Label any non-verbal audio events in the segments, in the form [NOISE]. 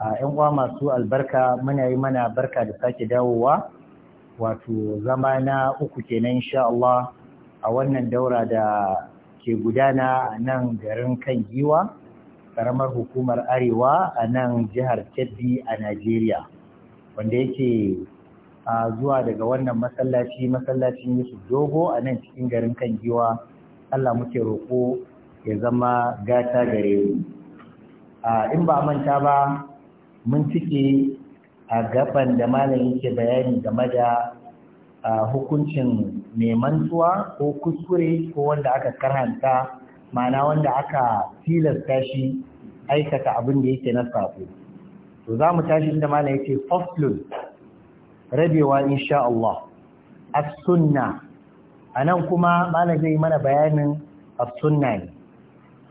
a yan uwa masu albarka muna yi mana barka da sake dawowa wato zama na uku kenan insha Allah a wannan daura da ke gudana a nan garin kan giwa karamar hukumar arewa a nan jihar kebbi a Najeriya wanda yake a zuwa daga wannan masallaci masallacin Yusuf Dogo a nan cikin garin kan giwa Allah muke roƙo ya zama gata gare mu in ba manta ba mun cike a gaban da malam yake bayani game da hukuncin neman nemantuwa ko kuskure ko wanda aka karanta ma'ana wanda aka tilasta shi aikata abin da yake na sako to za mu tashi inda malam yake faslun rabewa insha Allah as-sunna anan kuma malam zai mana bayanin as-sunna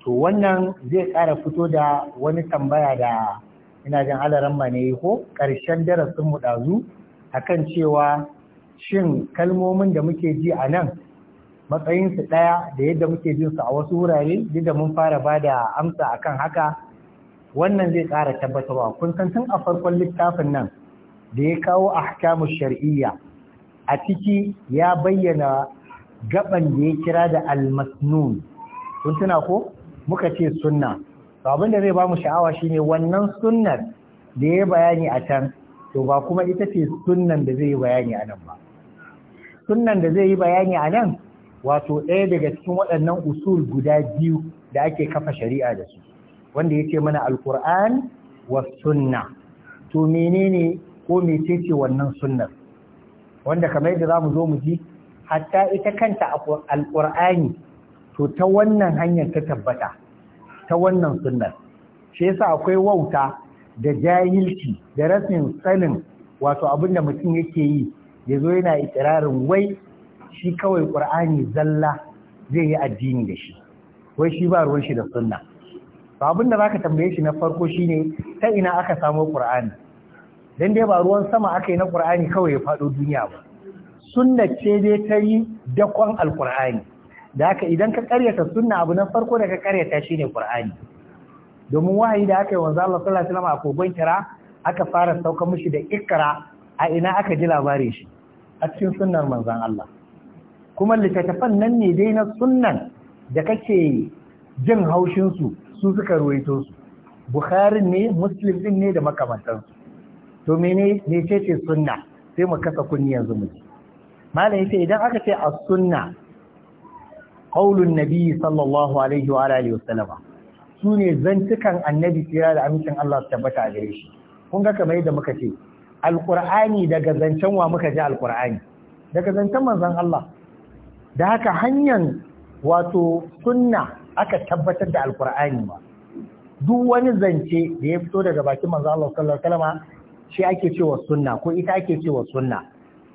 to wannan zai ƙara fito da wani tambaya da ina jin alaran ne ko ƙarshen darasin mu ɗazu akan cewa shin kalmomin da muke ji a nan matsayinsu ɗaya da yadda muke jin su a wasu wurare duk mun fara bada da amsa akan haka wannan zai ƙara tabbatarwa kun san tun a farkon littafin nan da ya kawo ahkamu shar'iyya a ciki ya bayyana gaban da ya kira da almasnun kun tuna ko muka ce sunna to abin da zai ba mu sha'awa shine wannan sunnar da ya bayani a can to ba kuma ita ce sunnan da zai yi bayani a nan ba sunnan da zai yi bayani a nan wato ɗaya daga cikin waɗannan usul guda biyu da ake kafa shari'a da su wanda yake mana alkur'an wa sunna to menene ko mecece wannan sunnar wanda kamar yadda zamu zo mu ji hatta ita kanta alkur'ani to ta wannan hanyar ta tabbata ta wannan sunnar shi yasa akwai wauta da jahilci da rasin sanin wato abin da mutum yake yi ya zo yana ikirarin wai shi kawai ƙur'ani zalla zai yi addini da shi wai shi ba ruwan shi da sunna to abin da zaka tambaye shi na farko shine ta ina aka samo ƙur'ani dan dai ba ruwan sama aka yi na ƙur'ani kawai ya faɗo duniya ba sunna ce dai ta yi dakon alƙur'ani da haka idan ka karyata sunna abu na farko da ka karyata shine qur'ani domin wahayi da aka yi wanzu Allah sallallahu alaihi wasallam a kogon kira aka fara sauka mushi da ikra a ina aka ji labarin shi a cikin sunnar manzon Allah kuma littattafan nan ne dai na sunnan da kake jin haushin su su suka ruwaito su Bukhari ne Muslim din ne da makamantansu to mene ne ce ce sunna sai mu kasa kunni yanzu mu malam idan aka ce as-sunna qaulun nabi sallallahu alaihi wa alihi wasallama sune zantukan annabi kira da amincin Allah su tabbata a gare shi kun ga kamar yadda muka ce alqur'ani daga zancen wa muka ji alqur'ani daga zancen manzon Allah da haka hanyar wato sunna aka tabbatar da alqur'ani ba duk wani zance da ya fito daga bakin manzon Allah sallallahu alaihi wasallama shi ake cewa sunna ko ita ake cewa sunna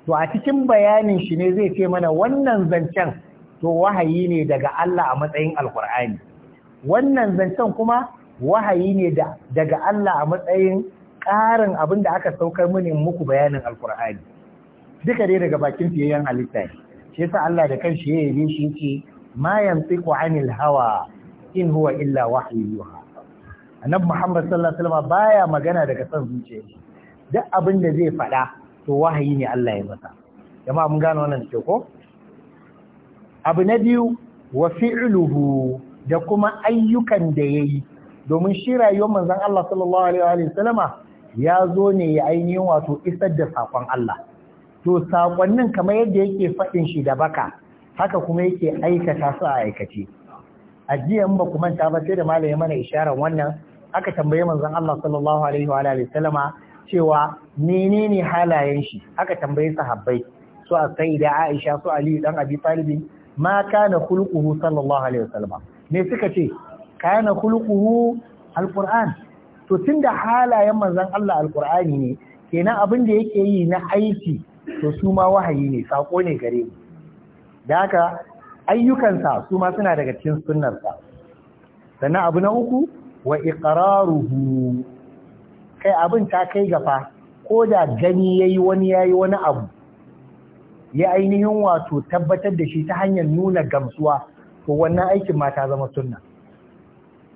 to a cikin bayanin shi ne zai ce mana wannan zancen to wahayi ne daga Allah a matsayin alkur'ani wannan zancen kuma wahayi ne daga Allah a matsayin ƙarin abin da aka saukar mini muku bayanin alkur'ani duka dai daga bakin fiyayen halitta ne shi yasa Allah da kanshi ya yi shi yake ma yantiqu anil hawa in huwa illa wahayi yuha annabi Muhammad sallallahu alaihi wasallam baya magana daga san zuciya duk abin da zai faɗa to wahayi ne Allah ya masa jama'a mun gano wannan da ko abu na biyu wa fi'luhu da kuma ayyukan da ya yi domin shi rayuwar manzan Allah sallallahu alaihi wa salama) ya zo ne ya ainihin wato isar da saƙon Allah to sakonnin kamar yadda yake faɗin shi da baka haka kuma yake aikata su a aikace jiyan ba ku manta ba sai da malamin mana isharar wannan aka tambaye manzan Allah sallallahu alaihi wa salama) cewa cewa menene halayen shi aka tambaye sahabbai su a sai da Aisha su Ali dan Abi Talib ma kana khuluquhu sallallahu alaihi wasallam ne suka ce kana khuluquhu alquran to tunda halayen manzon Allah alqurani ne kenan abin da yake yi na aiki to su ma wahayi ne sako ne gare mu da haka ayyukansa su ma suna daga cikin sa. sannan abu na uku wa iqraruhu kai abin ta kai gafa ko da gani yayi wani yayi wani abu ya ainihin wato tabbatar da shi ta hanyar nuna gamsuwa to wannan aikin ma zama sunna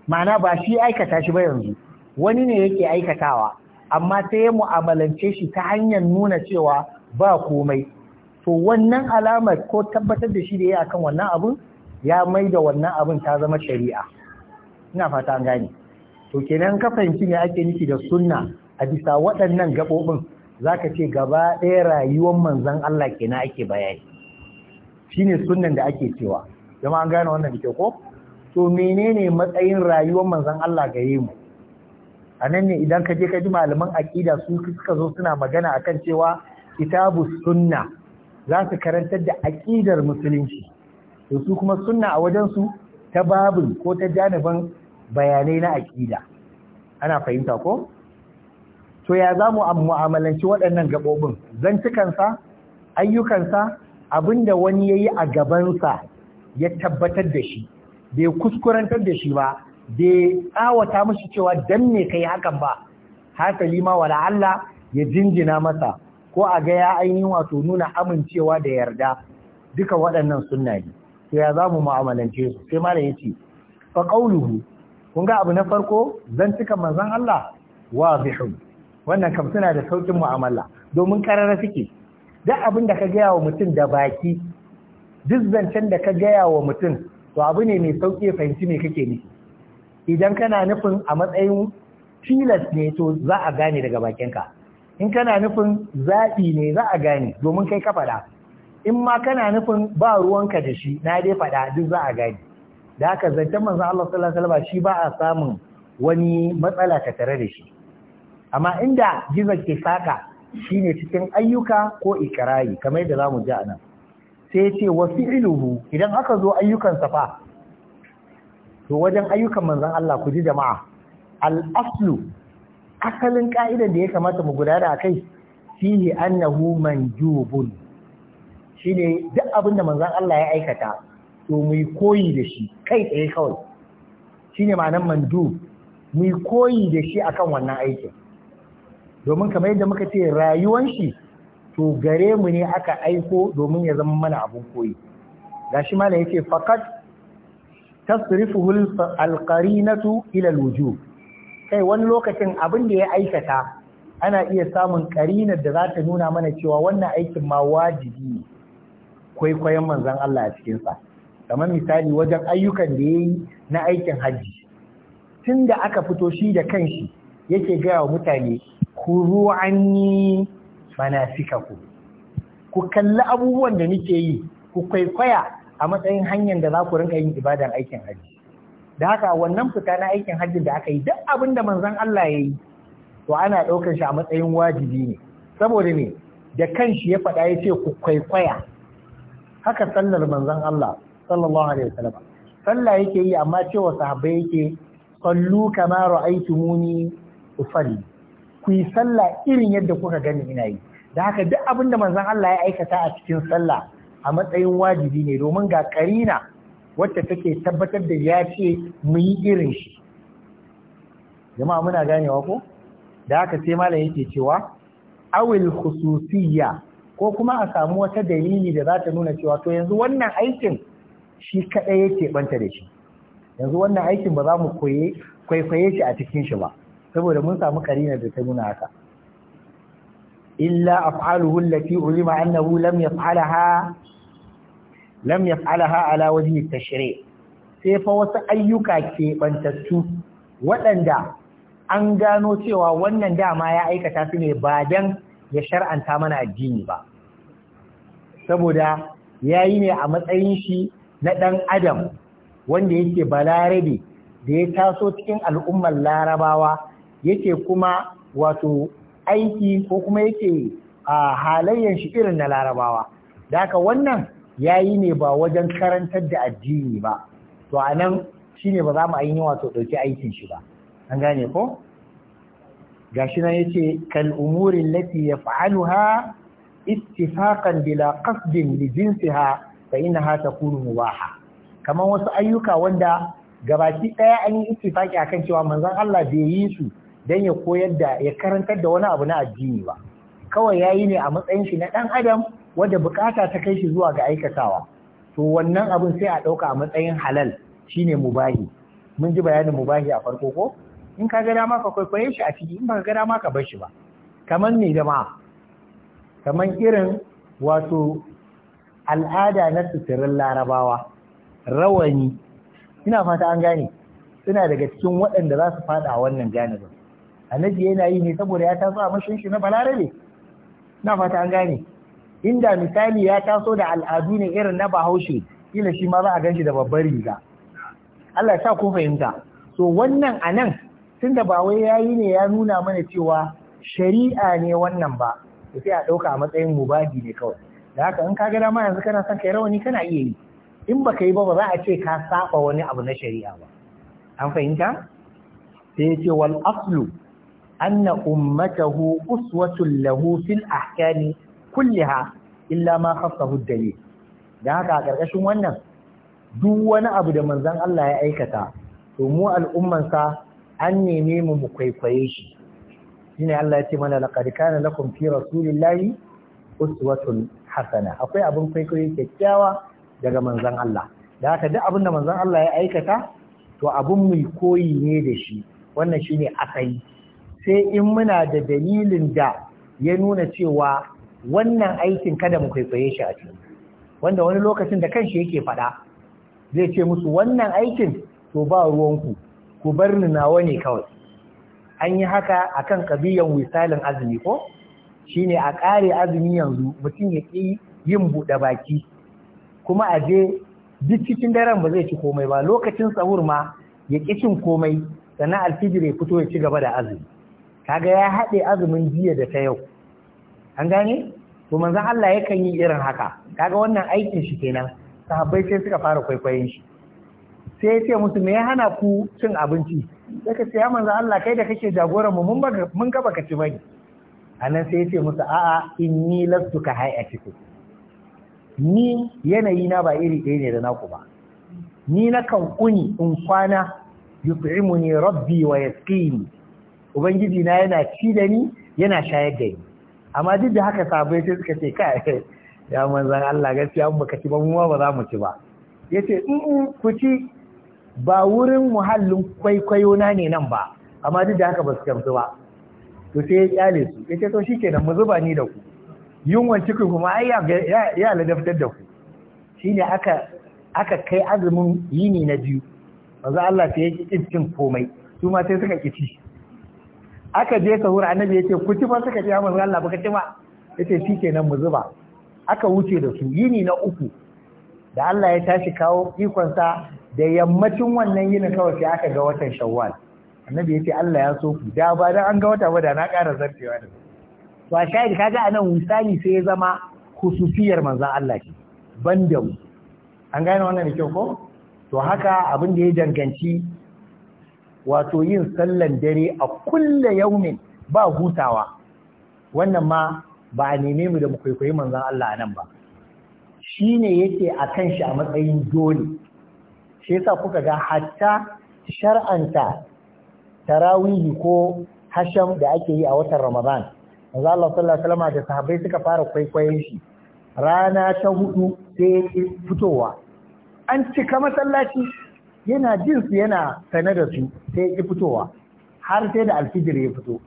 ma'ana ba shi aikata shi ba yanzu wani ne yake aikatawa amma sai ya mu'amalance shi ta hanyar nuna cewa ba komai to wannan alamar ko tabbatar da shi da ya akan wannan abun ya mai da wannan abun ta zama shari'a ina fata an gane to kenan ka ne ake niki da sunna a bisa waɗannan gaɓoɓin zaka ce gaba ɗaya rayuwar manzan Allah kenan ake bayani ne sunan da ake cewa jama'a an gane wannan ke ko to menene matsayin rayuwar manzan Allah gare mu nan ne idan ka je ka ji malaman aƙida su suka zo suna magana akan cewa kitabu sunna za su karantar da aƙidar musulunci to su kuma sunna a wajen su ta babu ko ta janibin bayanai na aƙida? ana fahimta ko to ya za mu mu'amalanci waɗannan gaɓoɓin zancikansa ayyukansa abin da wani ya yi a gabansa ya tabbatar da shi bai kuskurantar da shi ba bai tsawata mashi cewa dan me kai hakan ba haka ma wala Allah ya jinjina masa ko a gaya ya ainihin wato nuna amincewa da yarda duka waɗannan sunna ne to ya za mu mu'amalance su sai malam ya ce fa kun ga abu na farko zantukan manzon Allah wazihun wannan kam suna da saukin mu'amala domin karara suke duk abin da ka gaya wa mutum da baki duk zancen da ka gaya wa mutum to abu ne mai sauƙi fahimci ne kake nufi idan kana nufin a matsayin tilas ne to za a gane daga bakinka in kana nufin zaɓi ne za a gane domin kai ka faɗa in ma kana nufin ba ruwanka da shi na dai faɗa duk za a gane da haka zancen manzon Allah sallallahu alaihi wasallam shi ba a samun wani matsala ta tare da shi amma inda gizo ke saka shi ne cikin ayyuka ko ikirari kamar yadda mu ji nan sai ya ce wasu iluhu idan aka zo ayyukan safa to wajen ayyukan manzon Allah ku ji jama'a al asalin ka'idan da ya kamata mu gudana akai fihi annahu manjubun ne duk abin da manzan Allah ya aikata to mu yi koyi da shi kai tsaye kawai Shi shine ma'anar Mandub mu yi koyi da shi akan wannan aikin domin kamar yadda muka ce rayuwan shi to gare mu ne aka aiko domin ya zama mana abun koyi gashi mala yace faqat tasrifuhu alqarinatu ila alwujub kai wani lokacin abin da ya aikata ana iya samun karinar da za ta nuna mana cewa wannan aikin ma wajibi ne kwaikwayon manzon Allah a cikin sa kamar misali wajen ayyukan da yayi na aikin hajji tunda aka fito shi da kanshi yake gaya wa mutane ku ru'anni manasikaku ku kalli abubuwan da nake yi ku kwaikwaya a matsayin hanyar da za ku rinka yin ibadan aikin hajji da haka wannan fita na aikin hajji da aka yi duk abin da manzon Allah ya yi to ana ɗaukar shi a matsayin wajibi ne saboda ne da kanshi ya faɗa ya ce ku kwaikwaya haka sallar manzon Allah sallallahu alaihi wasallam sallah yake yi amma cewa sahabbai yake sallu kama ra'aytumuni usalli ku yi sallah irin yadda kuka gani ina yi da haka duk abin da manzon Allah ya aikata a cikin sallah a matsayin wajibi ne domin ga karina wacce take tabbatar da ya ce mu yi irin shi jama'a muna ganewa ko da haka sai malam yake cewa awil khususiyya ko kuma a samu wata dalili da za ta nuna cewa to yanzu wannan aikin shi kadai yake banta da shi yanzu wannan aikin ba za mu kwaikwaye shi a cikin shi ba saboda mun samu karina da ta nuna haka illa af'aluhu allati ulima annahu lam yaf'alaha lam yaf'alaha ala wajhi tashri' sai fa wasu ayyuka ke bantattu waɗanda an gano cewa wannan dama ya aikata su ne ba dan ya shar'anta mana addini ba saboda yayi ne a matsayin shi na ɗan adam wanda yake balarabe da ya taso cikin al'ummar larabawa yake kuma wato aiki ko kuma yake a halayyar shi irin na larabawa da wannan wannan yi ne ba wajen karantar da addini ba to a nan shi ne ba za mu ainihin wato ɗauki aikin shi ba an gane ko Ga shi nan yace kal ya fa’alu ha istifakan bila qasdin li jinsiha fa innaha takunu mubaha Kamar wasu ayyuka wanda gabaki ɗaya an yi ittifaki akan cewa manzon Allah bai yi su don ya koyar da ya karantar da wani abu na addini ba kawai ya yi ne a matsayin shi na ɗan adam wadda bukata ta kai shi zuwa ga aikatawa to wannan abin sai a ɗauka a matsayin halal shine mubahi mun ji bayanin mubahi a farko ko in ka ga dama ka kwaikwaye shi a ciki in ba ka ga dama ka bar shi ba kamar ne jama'a kamar irin wato al'ada na suturin larabawa rawani ina fata an gane suna daga cikin waɗanda za su faɗa wannan janibin annabi yana yi ne saboda ya taso a mashin shi na balarabe na fata an gane inda misali ya taso da al'adu ne irin na bahaushe kila shi ma za a ganshi da babbar riga Allah ya sa ku fahimta so wannan anan tunda ba wai yayi ne ya nuna mana cewa shari'a ne wannan ba sai a ɗauka a matsayin mubadi ne kawai da haka in ka ga dama yanzu kana son kai rawani kana iya yi in baka yi ba ba za a ce ka saba wani abu na shari'a ba an fahimta sai ya ce wal aslu anna ummatahu uswatun lahu fil ahkami kulliha illa ma khassahu dalil dan haka a karkashin wannan duk wani abu da manzon Allah ya aikata to mu al'umman sa an neme mu mu kwaikwaye shi shine Allah ya ce mana laqad kana lakum fi rasulillahi uswatun hasana akwai abin kwaikwayo kyakkyawa daga manzon Allah da haka duk abin da manzon Allah ya aikata to abun mu koyi ne da shi wannan shine asali sai in muna da dalilin da ya nuna cewa wannan aikin kada mu kwaikwaye shi a cikin wanda wani lokacin da kanshi yake faɗa zai ce musu wannan aikin to ba ruwanku ku bar ni nawa ne kawai an yi haka akan kabiyan wisalin azumi ko shine a ƙare azumi yanzu mutum ya ƙi yin buɗe baki kuma a je duk cikin daren ba zai ci komai ba lokacin sahur ma ya ƙi cin komai sannan alfijir ya fito ya ci gaba da azumi kaga ya haɗe azumin jiya da ta yau an gane to manzon Allah yakan yi irin haka kaga wannan aikin shi kenan sahabbai sai suka fara kwaikwayon shi sai ya ce musu me ya hana ku cin abinci sai ka ce ya manzon Allah kai da kake jagoran mu mun mun ka baka ci bane anan sai ya ce musu a'a inni lastu ka hayatiku ni yanayi na ba iri ɗaya ne da naku ba ni na kan kuni in kwana yut'imuni rabbi wa yasqini ubangiji na yana ci da ni yana shayar da ni amma duk da haka sabai sai suka ce kai ya manzan Allah gaskiya mu baka ci ba mu ba za mu ci ba yace in mm, mm, ku ci ba wurin muhallin kwaikwayo na ne nan ba amma duk da haka ba su gamsu ba to sai ya kyale su yace to shikenan mu zuba ni da ku yunwan cikin kuma ai ya ladaftar da ku shine aka aka kai azumin yini na biyu manzo Allah sai ya kicin cin komai su ma sai suka kici aka je sahur annabi yace ku ci fa suka ce ya manzo Allah baka ci ba shi kenan mu zuba aka wuce da su yini na uku da Allah ya tashi kawo ikonsa da yammacin wannan yinin kawai sai aka ga watan Shawwal annabi ce Allah ya so ku da ba dan an ga wata ba da na ƙara zartewa da to a shayi kaga anan misali sai ya zama khususiyar manzo Allah ki ban da mu an gane wannan da kyau ko to haka abin da ya danganci wato yin sallan dare a kulle yaumin ba hutawa wannan ma ba a neme mu da mu kwaikwayi manzon Allah nan ba shine yake a kan shi a matsayin dole shi yasa kuka ga hatta shar'anta tarawihi ko hasham da ake yi a watan Ramadan manzon Allah sallallahu alaihi wasallam da sahabbai suka fara kwaikwayon shi rana ta hudu sai fitowa an cika masallaci yana jin su yana sane da su sai ya fitowa har sai da alfijir ya fito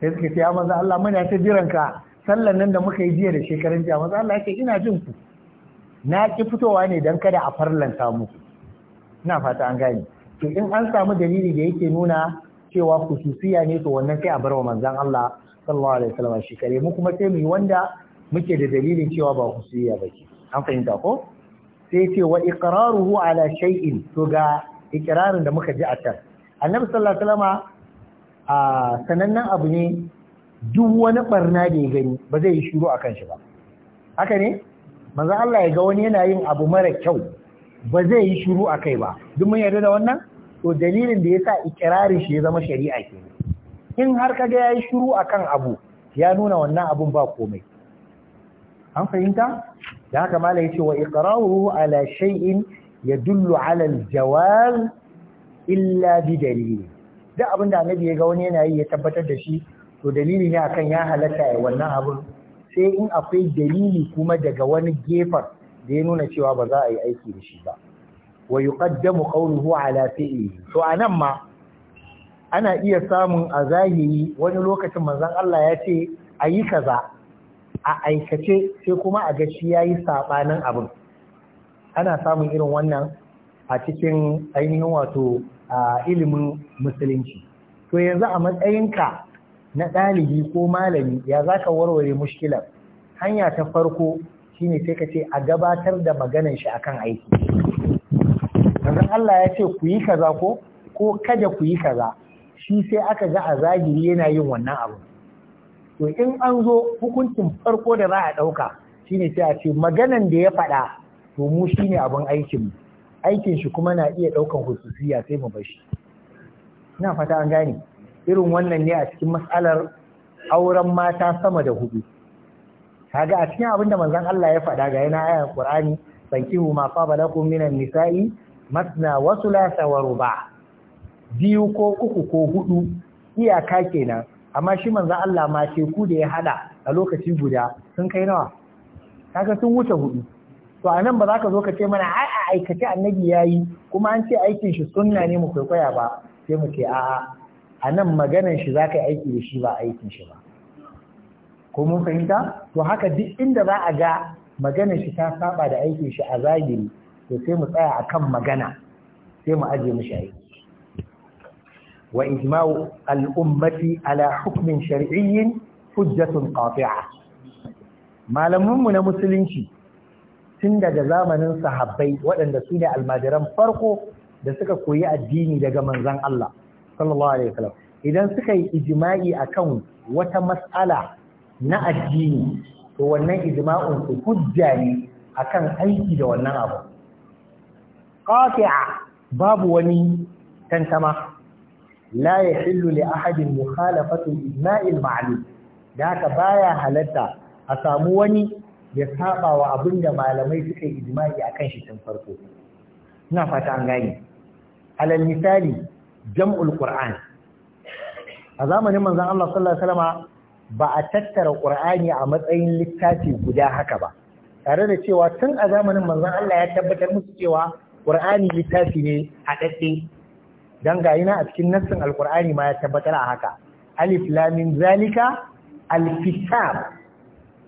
sai suka ce ya Allah muna ta jiran ka sallan nan da muka yi jiya da shekarun jiya maza Allah yake ina jin ku na ki fitowa ne dan kada a farlanta muku ina fata an gane to in an samu dalili da yake nuna cewa kususiya ne to wannan sai a bar wa manzon Allah sallallahu alaihi wasallam shi kare mu kuma sai mu yi wanda muke da dalilin cewa ba kususiya ba ki, an fahimta ko sai ce wa iqraruhu ala shay'in to ga iqrarin da muka ji a can annabi sallallahu alaihi wasallam a sanannen abu ne duk wani barna da ya gani ba zai yi shiru akan shi ba haka ne manzo Allah ya ga wani yana yin abu mara kyau ba zai yi shiru akai ba duk mun yarda da wannan to dalilin da yasa iqrarin shi ya zama shari'a ke in har kaga yayi shiru akan abu ya nuna wannan abun ba komai an fahimta da haka malai yace wa iqra'uhu ala shay'in yadullu ala aljawaz illa bi dalili Da abin da annabi ya ga wani yana yi ya tabbatar da shi to dalili ne akan ya halatta ya wannan abin sai in akwai dalili kuma daga wani gefar da ya nuna cewa ba za a yi aiki da shi ba wa yuqaddamu qawluhu ala fi'li to anan ma ana iya samun a zahiri wani lokacin manzon Allah ya ce ayi kaza a aikace sai kuma a ga shi yayi sabanin abin ana samun irin wannan a cikin ainihin wato a ilimin musulunci to yanzu a matsayinka na ɗalibi ko malami ya zaka warware mushkilar hanya ta farko shine sai ka ce a gabatar da maganar shi akan aiki yanzu Allah ya ce ku yi kaza ko ko kada ku yi kaza shi sai aka ga a zagiri yana yin wannan abin. to in an zo hukuncin farko da za a ɗauka shine sai a ce maganan da ya faɗa to mu shi ne abin aikin aikin shi kuma na iya ɗaukan hususiya sai mu bashi ina fata an gane irin wannan ne a cikin matsalar auren mata sama da hudu kaga a cikin abin da manzon Allah ya faɗa ga yana ayan Qur'ani sankihu ma balakum minan nisa'i masna wa thulatha wa ruba biyu ko uku ko hudu iyaka kenan amma shi manzo Allah ma teku da ya hada a lokaci guda sun kai nawa kaga sun wuce hudu to a nan ba za ka zo ka ce mana ai a aikace annabi yayi kuma an ce aikin shi sunna ne mu kwaikwaya ba sai mu ce a'a a nan maganan shi za ka yi aiki da shi ba aikin shi ba ko mun fahimta to haka duk inda za a ga maganar shi ta saba da aikin shi a zagiri to sai mu tsaya a kan magana sai mu aje mishi aiki wa ijma'u al'ummati ala hukmin shar'iyyin hujjatun qati'a malamanmu na musulunci tun daga zamanin sahabbai waɗanda su ne almajiran farko da suka koyi addini daga manzon Allah idan suka yi ijma'i akan wata mas'ala na addini to wannan ijma'un su hujja ne akan aiki da wannan abu qati'a babu wani tantama la yahillu li ahadin mukhalafatu ijma'il ma'lum da haka baya halatta a samu wani ya saba wa abinda malamai suka yi ijma'i akan shi tun farko ina fata an gane alal jam'ul qur'an a zamanin manzon Allah sallallahu alaihi wasallama ba tattara ƙur'ani a matsayin littafi guda haka ba tare da cewa tun a zamanin manzon Allah ya tabbatar musu cewa qur'ani littafi ne a dadde dan gayi na a cikin nassin alqur'ani ma ya tabbatar a haka alif lam zalika alkitab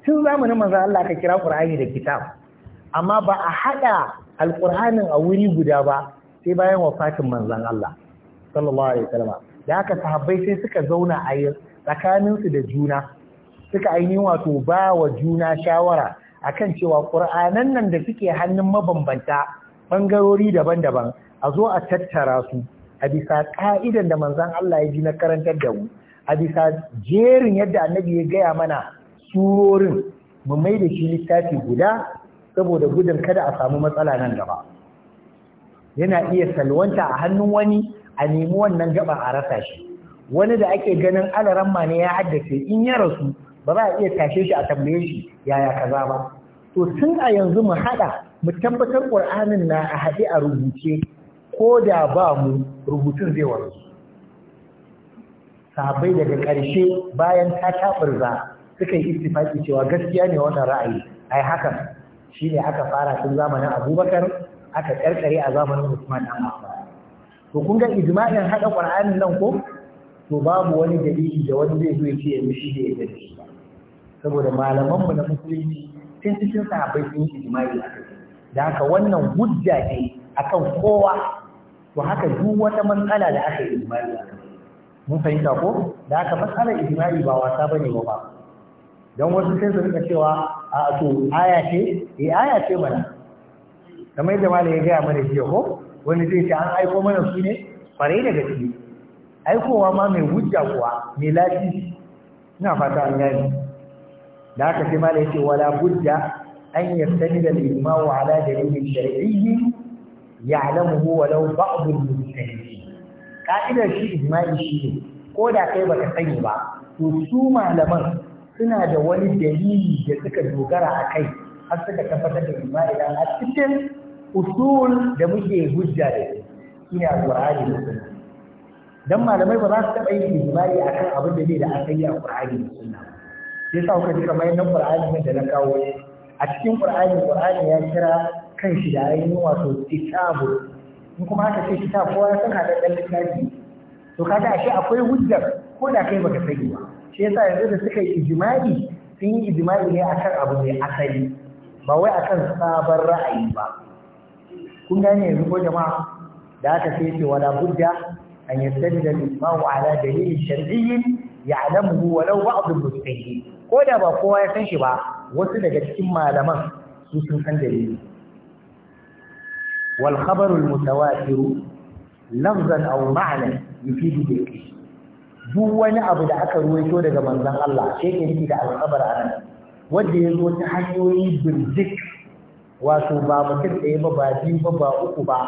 tun zamanin manzo Allah ka kira qur'ani da kitab amma ba a hada alqur'anin a wuri guda ba sai bayan wafatin manzon Allah sallallahu alaihi wasallam da haka sahabbai sai suka zauna a tsakaninsu da juna suka aini wato ba wa juna shawara akan cewa ƙur'anan nan da suke hannun mabambanta ɓangarori daban-daban a zo a tattara su a bisa ka'idan da manzan Allah ya ji na karantar da mu a bisa jerin yadda annabi ya gaya mana surorin mu mai da shi littafi guda saboda gudun kada a samu matsala nan gaba yana iya salwanta a hannun wani a nemi wannan gaba a rasa shi wani da ake ganin ma ne ya haddace in ya rasu ba za a iya tashe shi a tambaye shi yaya kaza ba to tun a yanzu mu haɗa, mu tabbatar qur'anin na a haɗe a rubuce ko da ba mu rubutun zai warzu sabai daga ƙarshe bayan ta taɓarza suka yi istifaki cewa gaskiya ne wannan ra'ayi ai haka shi ne aka fara tun zamanin abubakar aka ƙarƙare a zamanin musamman dan affan to kun ga ijma'in haɗa ƙur'anin nan ko to babu wani dalili da wani zai zo ya ce yanzu shi da ya saboda saboda mu na musulunci tun cikin sahabbai sun yi ijma'i da haka wannan hujja ne akan kowa to haka duk wata matsala da aka yi ijma'i mun fahimta ko da aka matsala ijma'i ba wasa bane ba ba don wasu sai su rika cewa a to aya ce eh aya ce mana kamar da malai ya gaya mana jiya ko wani zai ce an aiko mana su ne fare da gaske aikowa ma mai hujja kuwa mai lafi ina fata an gani da aka sai malai ya ce wala hujja an yastani da ijma'u ala dalilin shar'iyyi ya'lamuhu walau ba'd al-mujtahidin ka'idar shi ijma'i shi ne ko kai baka sani ba to su malaman suna da wani dalili da suka dogara a kai har suka tabbatar da ijma'i dan a cikin usul da muke hujja da shi ina qurani da sunna dan malamai ba za su taba yin ijma'i akan kan abin da zai da asali a ƙur'ani da sunna sai sa kuka ji kamar yadda da na kawo a cikin ƙur'ani ƙur'ani ya kira kan shi da ainihin wato kitabu in kuma aka ce kitabu kowa ya san da ɗan littafi to kaga ashe akwai hujjar ko da kai baka sani ba shi yasa yanzu da suka yi ijma'i sun yi ijma'i ne akan abu mai asali ba wai akan sabon ra'ayi ba kun gane yanzu ko jama'a da aka ce ce wala budda an yastadda al-ijma'u ala dalilin shar'iyyin ya'lamuhu walau ba'd al-mustahil ko da ba kowa ya san shi ba wasu daga cikin malaman su sun san dalili wal khabarul mutawatir lafzan aw ma'nan yufidu bil duk wani abu da aka ruwaito daga manzan Allah sai ke nufi da al-khabar anan wanda ya zo ta hanyoyi birjik wato ba mutum ɗaya ba ba biyu ba ba uku ba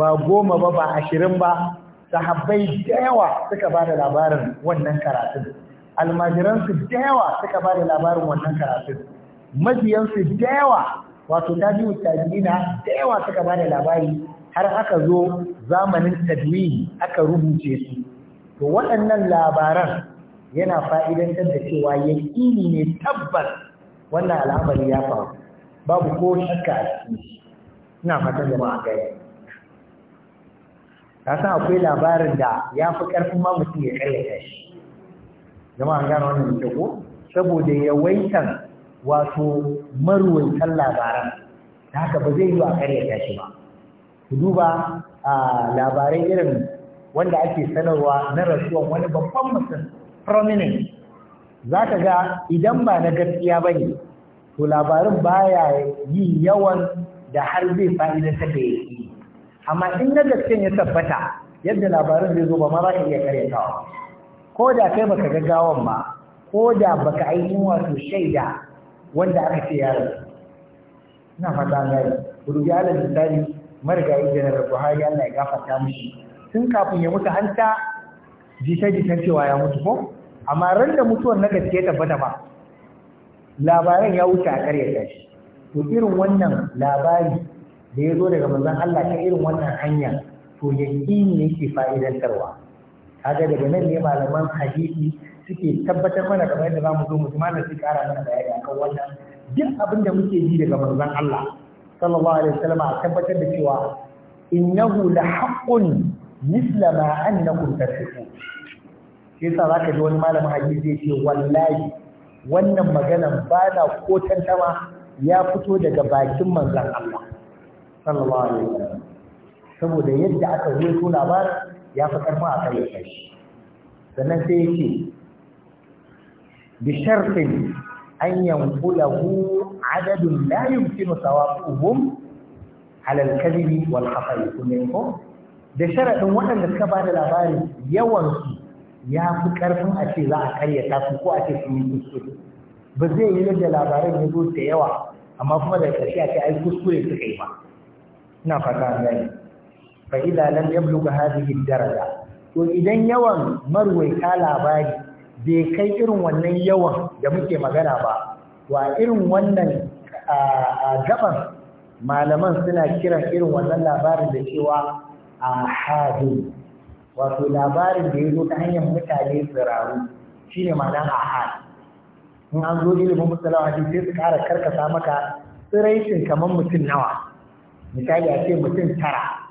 ba goma ba ba ashirin ba sahabbai da yawa suka ba da labarin wannan karatun almajiransu da yawa suka ba da labarin wannan karatun mabiyansu da yawa wato tabi'u tabi'ina da yawa suka ba da labari har aka zo zamanin tadwihi aka rubuce su to waɗannan labaran yana fa'idantar da cewa yaƙini ne tabbas wannan al'amari ya faru babu ko shakka a ciki ina fatan jama'a gaya Ta san akwai labarin da ya fi ƙarfin ma mutum ya ƙaryata shi jama'a gano wannan da ko saboda yawaitan wato maruwaitan labaran da haka ba zai yi a karyata shi ba ku duba a labarai irin wanda ake sanarwa na rasuwan wani babban mutum prominent za ka ga idan ba na gaskiya ba ne to labarin baya yi yawan da har zai fa'idantar da ya yi amma in na gaskiya ya tabbata yadda labarin zai zo ba ma za ka iya karyatawa ko da kai baka gaggawan ba ko da baka ainihin wato shaida wanda aka ce ya rasu ina fata an gani rubi alal misali marigayi janar buhari allah ya gafarta mushi tun kafin ya mutu an ta jita-jitan cewa ya mutu ko amma ran da mutuwar na gaske tabbata ba labaran ya wuce a karya tashi to irin wannan labari da ya zo daga manzon Allah ta irin wannan hanya to ne yake fa'idantarwa kaga daga nan ne malaman hadisi suke tabbatar mana kamar yadda za mu zo mu ji malam sai kara mana bayani akan wannan duk abin da muke ji daga manzon Allah sallallahu alaihi wasallam a tabbatar da cewa innahu la haqqun misla ma annakum tasifun sai sa zaka ji wani malamin hadisi zai ce wallahi wannan maganan ba na ko tantama ya fito daga bakin manzon Allah sallallahu alaihi wasallam saboda yadda aka zo ba ya fi karfin a kai shi sannan sai yake بشرط أن ينقله عدد لا يمكن ثوابهم على الكذب والخطأ كلهم da sharaɗin waɗanda suka ba da labarin yawansu ya fi ƙarfin a ce za a karyata su ko a ce su yi kuskure ba zai yi yadda labarin ya zo da yawa amma kuma da ƙarshe a ce ai kuskure suka yi ba ina fata an gani fa idan lam yablugha hadhihi daraja to idan yawan marwaita labari bai kai irin wannan yawan da muke magana ba wa irin wannan a gaban malaman suna kiran irin wannan labarin da cewa a hadu wato labarin da ya zo ta hanyar mutane tsiraru shi ne ma'ana a hadu in an zo ilimin musulawa shi sai su kara karkasa maka tsiraicin kamar mutum nawa misali a ce mutum tara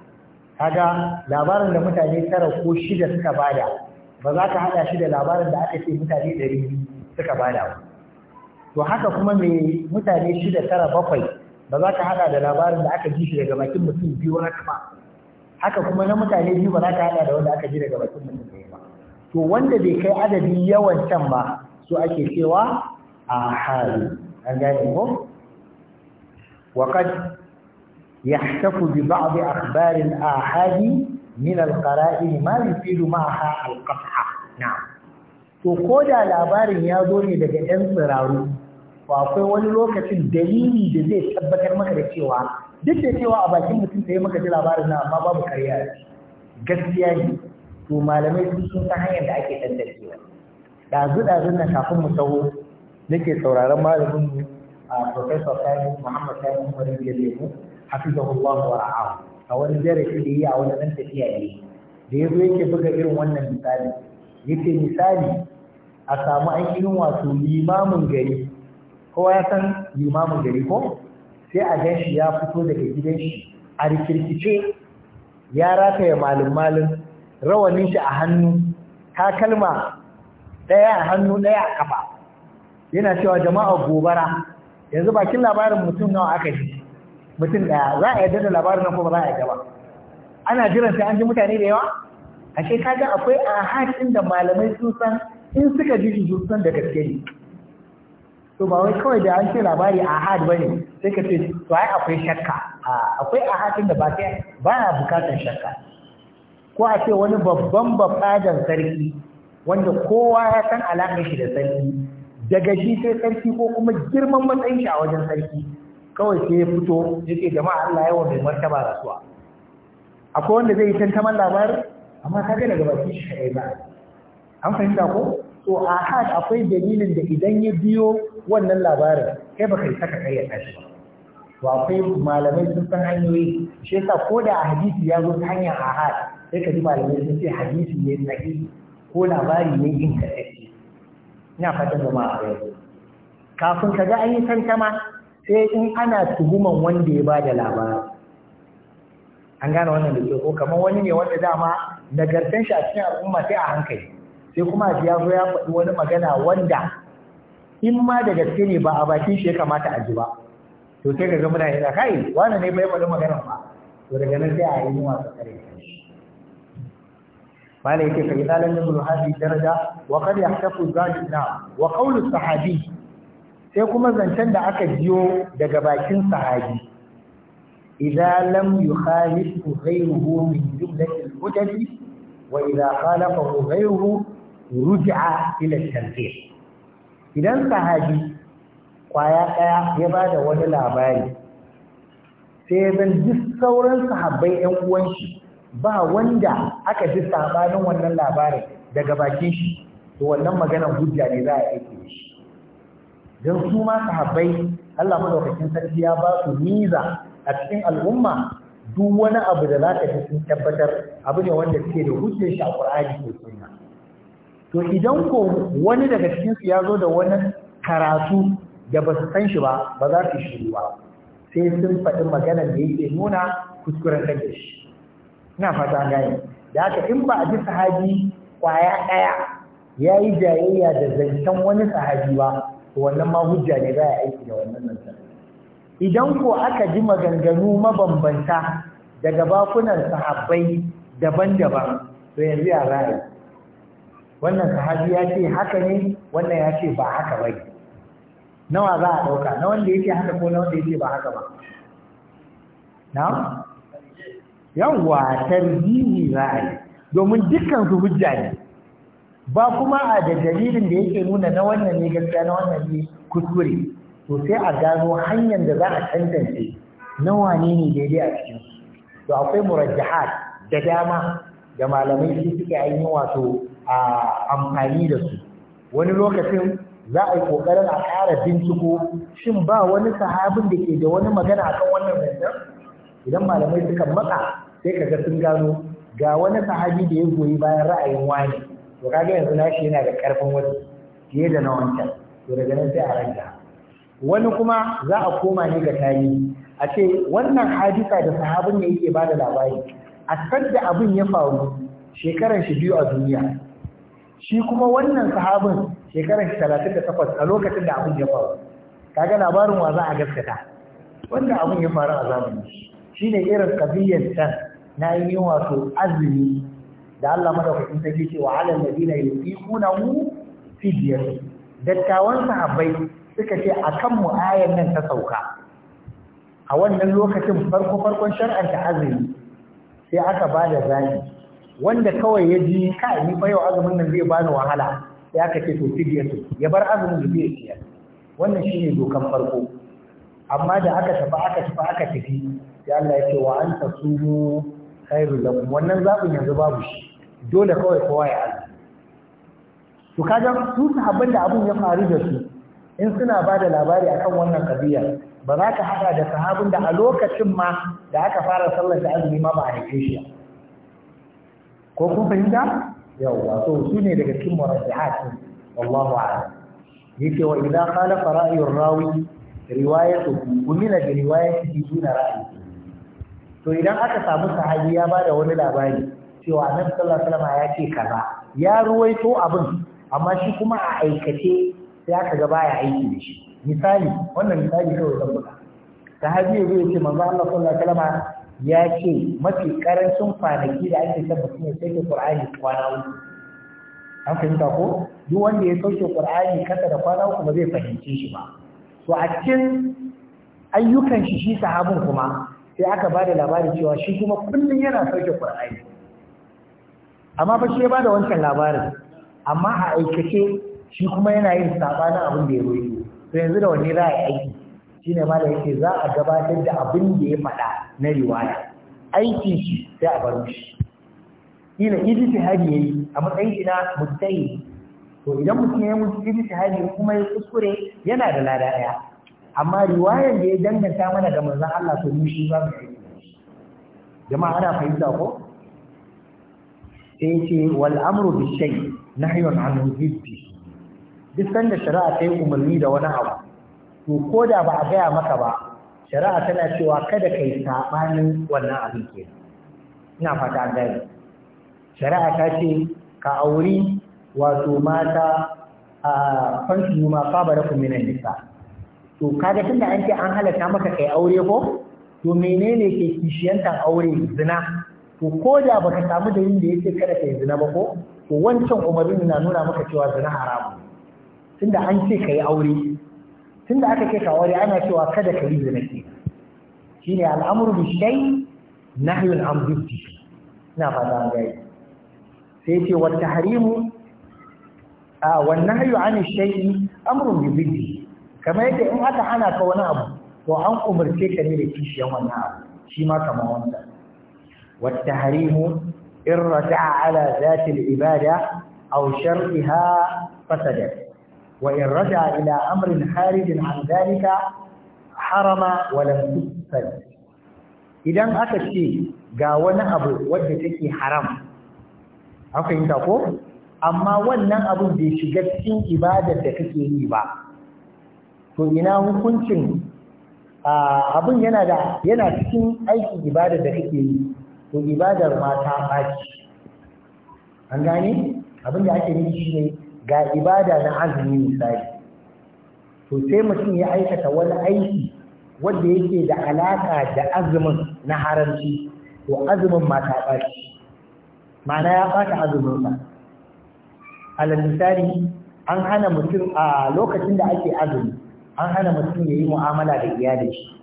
kaga labarin da mutane tara ko shida suka bada ba za ka haɗa shi da labarin da aka ce mutane ɗari suka bada ba to haka kuma mai mutane shida tara bakwai ba za ka haɗa da labarin da aka ji shi daga bakin mutum biyu haka ba haka kuma na mutane biyu ba za ka haɗa da wanda aka ji daga bakin mutum ɗaya ba to wanda bai kai adadin yawan can ba so ake cewa a hali an gane ko وقد يحتف ببعض أخبار الآحاد min alqara'in ma yufidu ma'aha alqat'a na'am to ko da labarin ya zo ne daga ɗan tsiraru to akwai wani lokacin dalili da zai tabbatar maka da cewa duk da cewa a bakin mutum yi maka ji labarin na amma babu karya gaskiya ne to malamai sun sun hanyar da ake tantancewa ɗazu ɗazu na kafin mu taho nake sauraron malamin mu a professor Sani Muhammad Sani Umar Gelemu hafizahullah wa ra'ahu a wani darasi da yi a wani ɗan tafiya ne da ya zo yake buga irin wannan misali ya ce misali a samu aikin wato limamin gari kowa ya san limamin gari ko sai a gan shi ya fito daga gidan shi a rikirkice ya rataya malin malin rawanin shi a hannu ta kalma ɗaya a hannu ɗaya a kafa yana cewa jama'a gobara yanzu bakin labarin mutum nawa aka ji mutum daya za a yadda da labarin nan ko ba za a yadda ba ana jiran sai an ji mutane da yawa ce kaga akwai a haɗin da malamai sun san in suka ji shi san da gaske ne to ba wai kawai da an ce labari a had ba ne sai ka ce to ai akwai shakka akwai a haɗin da ba ba bukatar shakka ko a ce wani babban babbadan sarki wanda kowa ya san alaƙar shi da sarki daga shi sai sarki ko kuma girman matsayin shi a wajen sarki kawai sai ya fito yake jama'a Allah yawa mai martaba rasuwa akwai wanda zai yi tantaman labar amma ka ga daga baki shi kai ba an fahimta ko to a had akwai dalilin da idan ya biyo wannan labarin kai baka yi saka kai ya tashi ba to akwai malamai sun san hanyoyi shi yasa ko da a hadisi ya zo ta hanyar ahad sai ka ji malamai sun ce hadisi ne sahihi ko labari ne ingantacce ina fatan jama'a a yau kafin ka ga an yi tantama sai in ana tuhuman wanda ya ba da labarin an gane wannan da ke ko kamar wani ne wanda dama nagartan shi a cikin al'umma sai a hankali sai kuma ji ya zo ya faɗi wani magana wanda in ma da gaske ne ba a bakin shi ya kamata a ji ba to sai ka ga muna yana kai wani ne bai faɗi maganar ba to daga nan sai a yi yin wasu kare malai yake kai zalan ibn hadi daraja wa qad yahtafu zalina wa qawlu sahabi sai kuma zancen da aka jiyo daga bakin sahabi idza lam yukhalifu ghayruhu min al hujaj wa idza khalafahu ghayruhu ruj'a ila tanzih idan sahabi kwaya daya ya bada wani labari sai zan duk sauran sahabbai yan uwan shi ba wanda aka ji sabanin wannan labarin daga bakin shi to wannan maganar hujja ne za a aike shi don su ma sahabbai Allah madaukakin sarki ya ba su niza a cikin al'umma duk wani abu da za ka ji sun tabbatar abu ne wanda suke da hujjar shi a Qur'ani ko sunna to idan ko wani daga cikin su ya zo da wani karatu da ba su san shi ba ba za su shiru ba sai sun faɗi maganar da yake nuna kuskuren kan shi ina fata an gane da haka in ba a ji sahabi kwaya ɗaya ya yi jayayya da zancen wani sahabi ba wannan ma hujja ne za a aiki da wannan nan idan ko aka ji maganganu mabambanta daga bakunan sahabbai daban-daban to yanzu ya ra'ayi wannan sahabi ya ce haka ne wannan ya ce ba haka ba nawa za a ɗauka na wanda yake haka ko na wanda yake ba haka ba na yawwa tarbihi ra'ayi domin dukkan su hujja ne ba kuma a da dalilin da yake nuna na wannan ne gaskiya na wannan ne kuskure to sai a gano hanyar da za a tantance na wane ne daidai a cikin to akwai murajjahat da dama da malamai su suke ainihin wato a amfani da su wani lokacin za a yi kokarin a ƙara binciko shin ba wani sahabin da ke da wani magana akan wannan zancen idan malamai suka matsa sai kaga sun gano ga wani sahabi da ya goyi bayan ra'ayin wani to kaga yanzu nashi yana da karfin wasu fiye da na wancan to daga nan sai a ranta wani kuma za a koma ne ga tarihi a ce wannan hadisa da sahabin ne yake bada labari a san da abin ya faru shekaran shi biyu a duniya shi kuma wannan sahabin shekaran shi talatin da takwas a lokacin da abin ya faru kaga labarin wa za a gaskata wanda abin ya faru a zamani shi ne irin kabiyyar can na yi wato azumi da Allah madaukakin sarki ce wa alal ladina mu? fidyah dattawan sahabbai suka ce akan mu ayan nan ta sauka a wannan lokacin farko farkon shar'an ta azumi sai aka bada zani wanda kawai ya ji kai ni fa yau azumin nan zai bani wahala sai aka ce to fidyah ya bar azumin da zai iya wannan shine dokan farko amma da aka tafi aka tafi aka tafi sai Allah ya ce wa anta sumu khairul lakum wannan zabin yanzu babu shi dole kawai kowa ya aji to kaga su sahabban da abun ya faru da su in suna ba da labari akan wannan kabiya ba za ka haɗa da sahabin da a lokacin ma da aka fara sallar da azumi ma ba a haife shi ko kun fahimta yawwa to su ne daga cikin murajjahat wallahu a'lam yake wa idan qala fara'ir rawi riwayatuhu umina bi riwayatihi duna ra'yi to idan aka samu sahabi ya bada wani labari cewa nan sallallahu alaihi ya ce kaza ya ruwaito abin amma shi kuma a aikace sai aka ga baya aiki da shi misali wannan misali kawai zan buga ta ya zai ce manzo Allah sallallahu ya ce mafi karancin kwanaki da ake son mutum sauke Qur'ani kwana uku an fahimta ko duk wanda ya sauke Qur'ani kasa da kwana uku ba zai fahimci shi ba to a cikin ayyukan shi shi sahabin kuma sai aka ba da labarin cewa shi kuma kullum yana sauke Qur'ani amma fa shi ya bada wancan labarin amma a aikace shi kuma yana yin sabanin abin da ya roƙi to yanzu da wanne za a yi aiki shine ma da yake za a gabatar da abin da ya faɗa na riwaya Aiki shi sai a bar shi ta ijtihadi yayi a matsayin ina mutai to idan mutum ya mutu ijtihadi kuma ya kuskure yana da lada daya amma riwayar da ya danganta mana da manzon Allah to mu shi ba mu yi jama'a ana fahimta ko sai ce wal amru bi shay nahyun an hujji duk da shari'a ta yi umarni da wani abu to ko da ba a gaya maka ba shari'a tana cewa kada kai sabanin wannan abin ke ina fata gari. shari'a ta ce ka auri wato mata a fansu ma fabara ku minan nisa to kaga tunda an ce an halatta maka kai aure ko to menene ke kishiyantar aure zina to ko da baka samu da yin da yake kada ka yi zina ba ko to wancan umarin na nuna maka cewa zina haramu tunda an ce ka yi aure tunda aka ce ka aure ana cewa kada ka yi zina ke shine al'amru bi shay nahyun an bihi ina ba da gai sai ce wa tahrimu a wa nahyu an shay amrun bi bihi kamar yadda in aka hana ka wani abu to an umarce ka ne da kishiyan wani abu shi ma kamar wannan والتحريم إن رجع على ذات العبادة أو شرطها فسدت وإن رجع إلى أمر خارج عن ذلك حرم ولم تفسد إذا أكشي قاونا أبو وجدتك حرام أفهم تقول أما ولنا أبو دي شجدتين إبادة تكيه إبادة to ina hukuncin abin yana da yana cikin aikin ibada da kake yi to ibadar mata baki. An an gane abinda ake nufi shine ga ibada na azumi misali to sai mutum ya aikata wani aiki wanda yake da alaka da azumin na haramci to azumin mata baki. ma'ana ya fata azumin sa alal misali an hana mutum a lokacin da ake azumi an hana mutum ya yi mu'amala da iyalin shi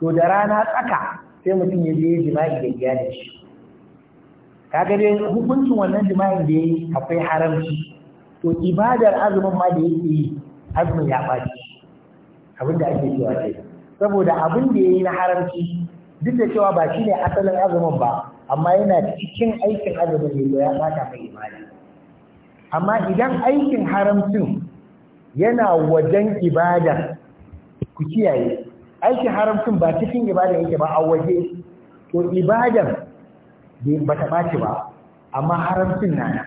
to da rana tsaka sai mutum ya je jima'i da iyalin shi kaga dai hukuncin wannan jima'in da yayi akwai haramci to ibadar azumin ma da yake yi azumin ya ɓaci abin da ake cewa ce saboda abin da yayi na haramci duk da cewa ba shine asalin azumin ba amma yana cikin aikin azumin ne ya fata mai ibada amma idan aikin haramcin yana wajen ibada ku kiyaye aiki haramcin ba cikin ibada yake ba a waje to ibadan ba ta ɓaci ba amma haramcin na nan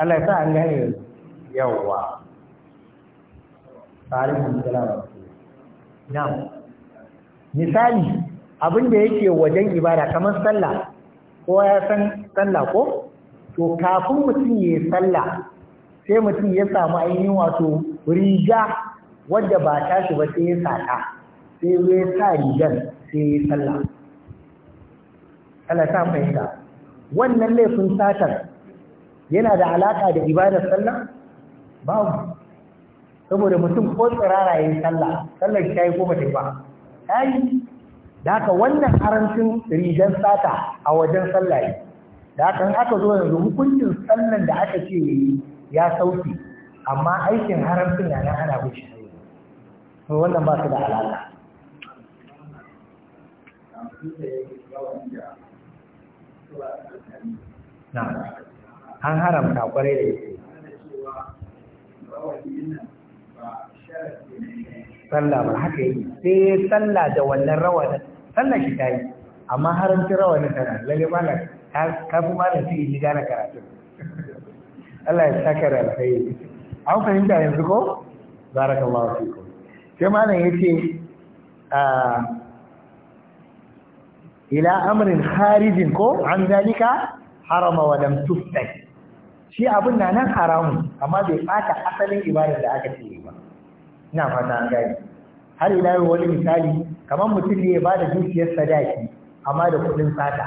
Allah ya sa an gane yawwa tsarin musulama na misali abin da yake wajen ibada kamar sallah ko ya san sallah ko to kafin mutum ya yi sallah sai mutum ya samu ainihin wato riga wadda ba tashi ba sai ya sata sai ya sa rigar sai ya sallah Allah ta fahimta wannan laifin satar yana da alaka da ibadar sallah babu saboda mutum ko tsirara yayin sallah sallar shi yi ko bata ba yi. da haka wannan harancin rigar sata a wajen sallah yi da haka aka zo yanzu hukuncin sallan da aka ce ya sauki amma aikin haramcin yana nan ana bushi to wannan ba su da alaƙa na an haramta kwarai da yake sallah ba haka yi sai sallah da wannan rawanin sallah shi ta yi amma haramci rawanin tana lalle mana kafin fi malam su yi gane karatu Allah ya saka da yi an fahimta yanzu ko mawa fiku sai malam ya ce ila amrin harijin ko an zalika harama wa lam tustai shi abin na nan haramun amma bai bata asalin ibadar da aka ce ba ina fata an gani har ila yau wani misali kamar mutum ne ya bada dukiyar sadaki amma da kuɗin sata,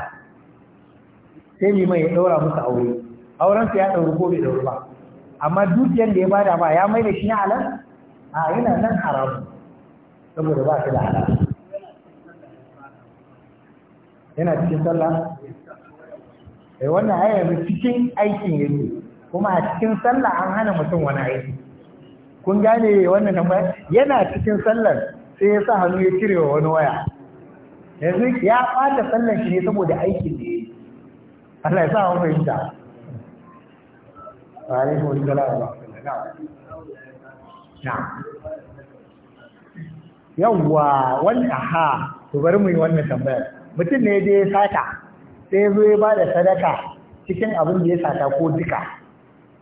sai liman ya ɗaura musu aure aurensa ya ɗauri ko bai ɗauri ba amma dukiyar da ya bada ba ya mai da shi na alam a yana nan haramun saboda ba shi da halal yana cikin sallah eh wannan ai yanzu cikin aikin yake kuma a cikin sallah an hana mutum wani aiki kun gane wannan tambaya yana cikin sallar sai ya sa hannu ya cire wa wani waya yanzu ya fada sallar shi ne saboda aikin ne. Allah ya sa mu fahimta wa alaikum assalam wa rahmatullahi na'am yawwa wani aha to bari mu yi wannan tambayar mutum ne dai ya sata sai ya zo ya ba da sadaka cikin abin da ya sata ko duka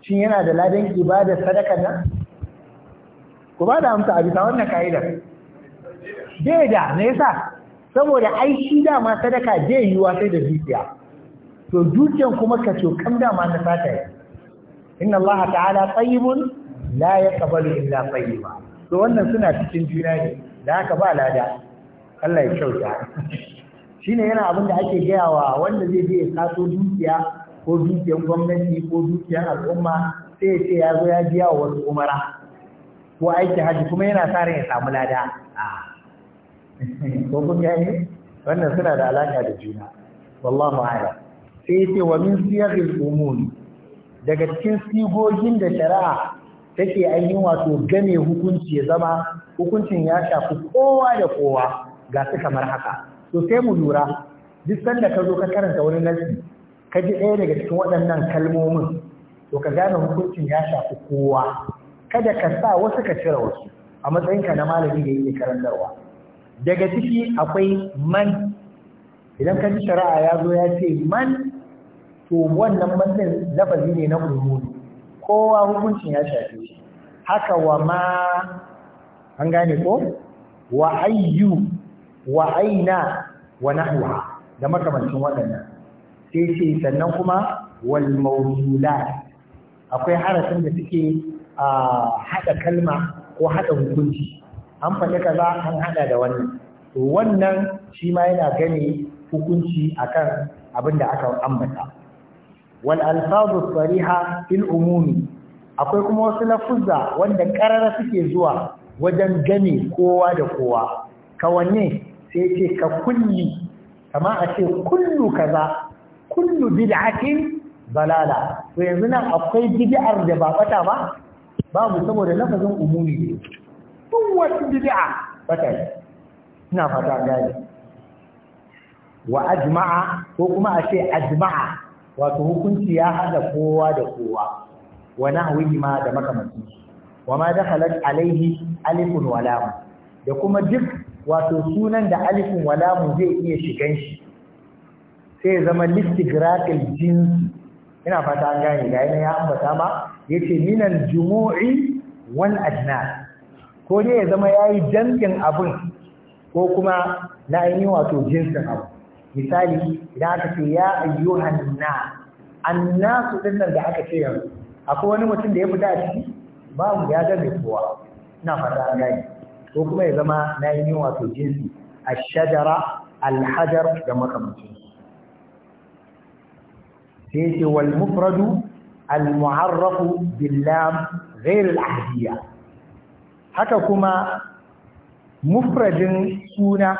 shin yana da ladan da sadaka nan ku ba da amsa a bisa wannan ka'idar bai da me yasa saboda aiki dama sadaka zai yiwa sai da zuciya to dukiyan kuma ka ce dama na sata yi inna Allah ta'ala tayyibun la yaqbalu illa tayyiba to wannan suna cikin juna ne da haka ba lada Allah ya kyauta shine yana abin da ake gayawa wanda zai je ya kaso dukiya ko dukiyar gwamnati ko dukiyar al'umma sai ya ce ya zo ya biya wa wasu umara ko aiki hajji kuma yana sa ran ya samu lada ko kun yi wannan suna da alaka da juna wallahu a'lam sai ya ce wa min siyaghil umum daga cikin sigogin da shari'a take ainihin wato game hukunci ya zama hukuncin ya shafi kowa da kowa ga su kamar haka to sai mu lura duk sanda ka zo ka karanta wani nasi ka ji ɗaya daga cikin waɗannan kalmomin to ka gane hukuncin ya shafi kowa kada ka sa wasu ka cire wasu a matsayinka na malami da yake karantarwa daga ciki akwai man idan ka ji shari'a ya zo ya ce man to wannan man lafazi ne na umumi kowa hukuncin ya shafi shi haka wa ma an gane ko wa ayyu wa aina wa nahwa da makamancin waɗannan sai ce sannan kuma wal mawsulat akwai harafin da suke a hada kalma ko hada hukunci an faɗi kaza an hada da wannan to wannan shi ma yana gane hukunci akan abin da aka ambata wal alfazu sariha fil umumi akwai kuma wasu lafuzza wanda karara suke zuwa wajen gani kowa da kowa kawanne sai ce ka kulli kama a ce kullu kaza kullu bid'atin balala to yanzu nan akwai bid'ar da ba bata ba babu saboda lafazin umumi ne duk wata bid'a bata ne ina fata gani wa ajma'a ko kuma a ce ajma'a wato hukunci ya hada kowa da kowa wa nahwihi ma da makamanci wa ma dakhalat alaihi alifun wa lam da kuma duk wato sunan da alifun wa lam zai iya shigan shi sai zama listigrafil jins ina fata an gane ga yana ya ambata ma yace minal jumu'i wal ajnas ko ne ya zama yayi jankin abun ko kuma na ainihin wato jinsin abu misali idan aka ce ya ayyuhan na annasu dinnan da aka ce yanzu akwai wani mutum da ya fita a ciki babu ya ga mai kowa ina fata gani ko kuma ya zama na yi wato jinsi ashajara alhajar da makamancin sai ce wal mufradu al mu'arrafu billam ghair al haka kuma mufradin suna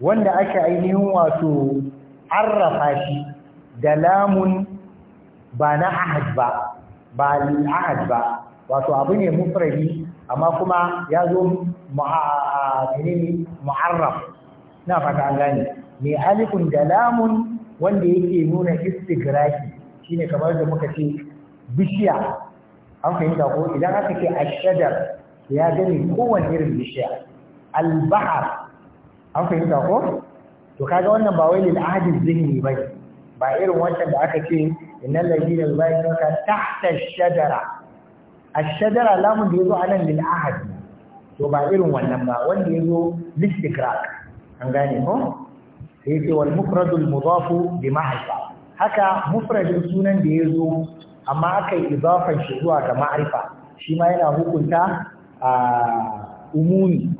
wanda aka ainihin wato harrafa shi da lamun ba na ahad ba ba ahad ba wato abu ne mufradi amma kuma ya zo menene mu'arraf na fata an gane mai alifun da lamun wanda yake nuna istigraki shine kamar da muka ce bishiya an fahimta ko idan aka ce ashadar ya gani kowane irin bishiya albahar an fahimta ko to kaga wannan ba wai lil ahadi zihni bane ba irin wancan da aka ce innal ladina yubayyinuka tahta ash-shajara ash lamun da yazo anan lil ahadi, to ba irin wannan ba wanda yazo listikrak an gane ko sai ce wal mufradul mudaf bi ma'rifa haka mufradin sunan da ya zo amma aka yi idafan shi zuwa ga ma'rifa shi ma yana hukunta a umumi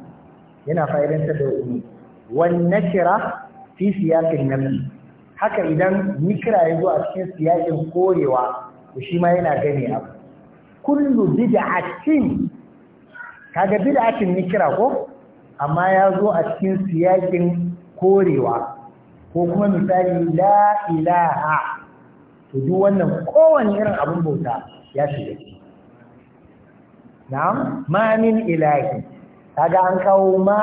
yana fa'idantar da umumi wan nakira fi siyaqin nafi haka idan nikira ya zo a cikin siyakin korewa to shi ma yana gane abu kullu bid'atin kaga bid'atin nikira ko amma ya zo a cikin siyakin korewa ko kuma misali la ilaha to duk wannan kowane irin abun bauta ya shiga ciki na'am ma min ilahi kaga an kawo ma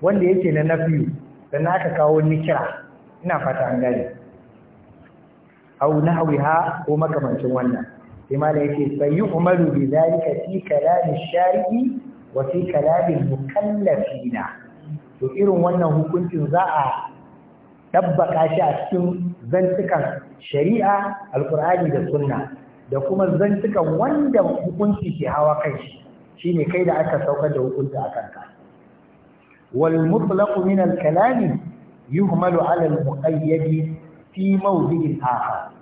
wanda yake na nafi sannan aka kawo nikira ina fata an gane au nahwiha ko makamancin wannan sai ma da yake sai yu'malu bi zalika fi kalam shari'i wa fi kalam mukallafina to irin wannan hukuncin za a tabbaka shi a cikin zantukan shari'a Alƙur'ani da sunna da kuma zantukan wanda hukunci ke hawa kai shi shine kai da aka saukar da hukunci akan ka wal mutlaq min al kalami yuhmalu ala al-muqayyad fi mawdi'in akhar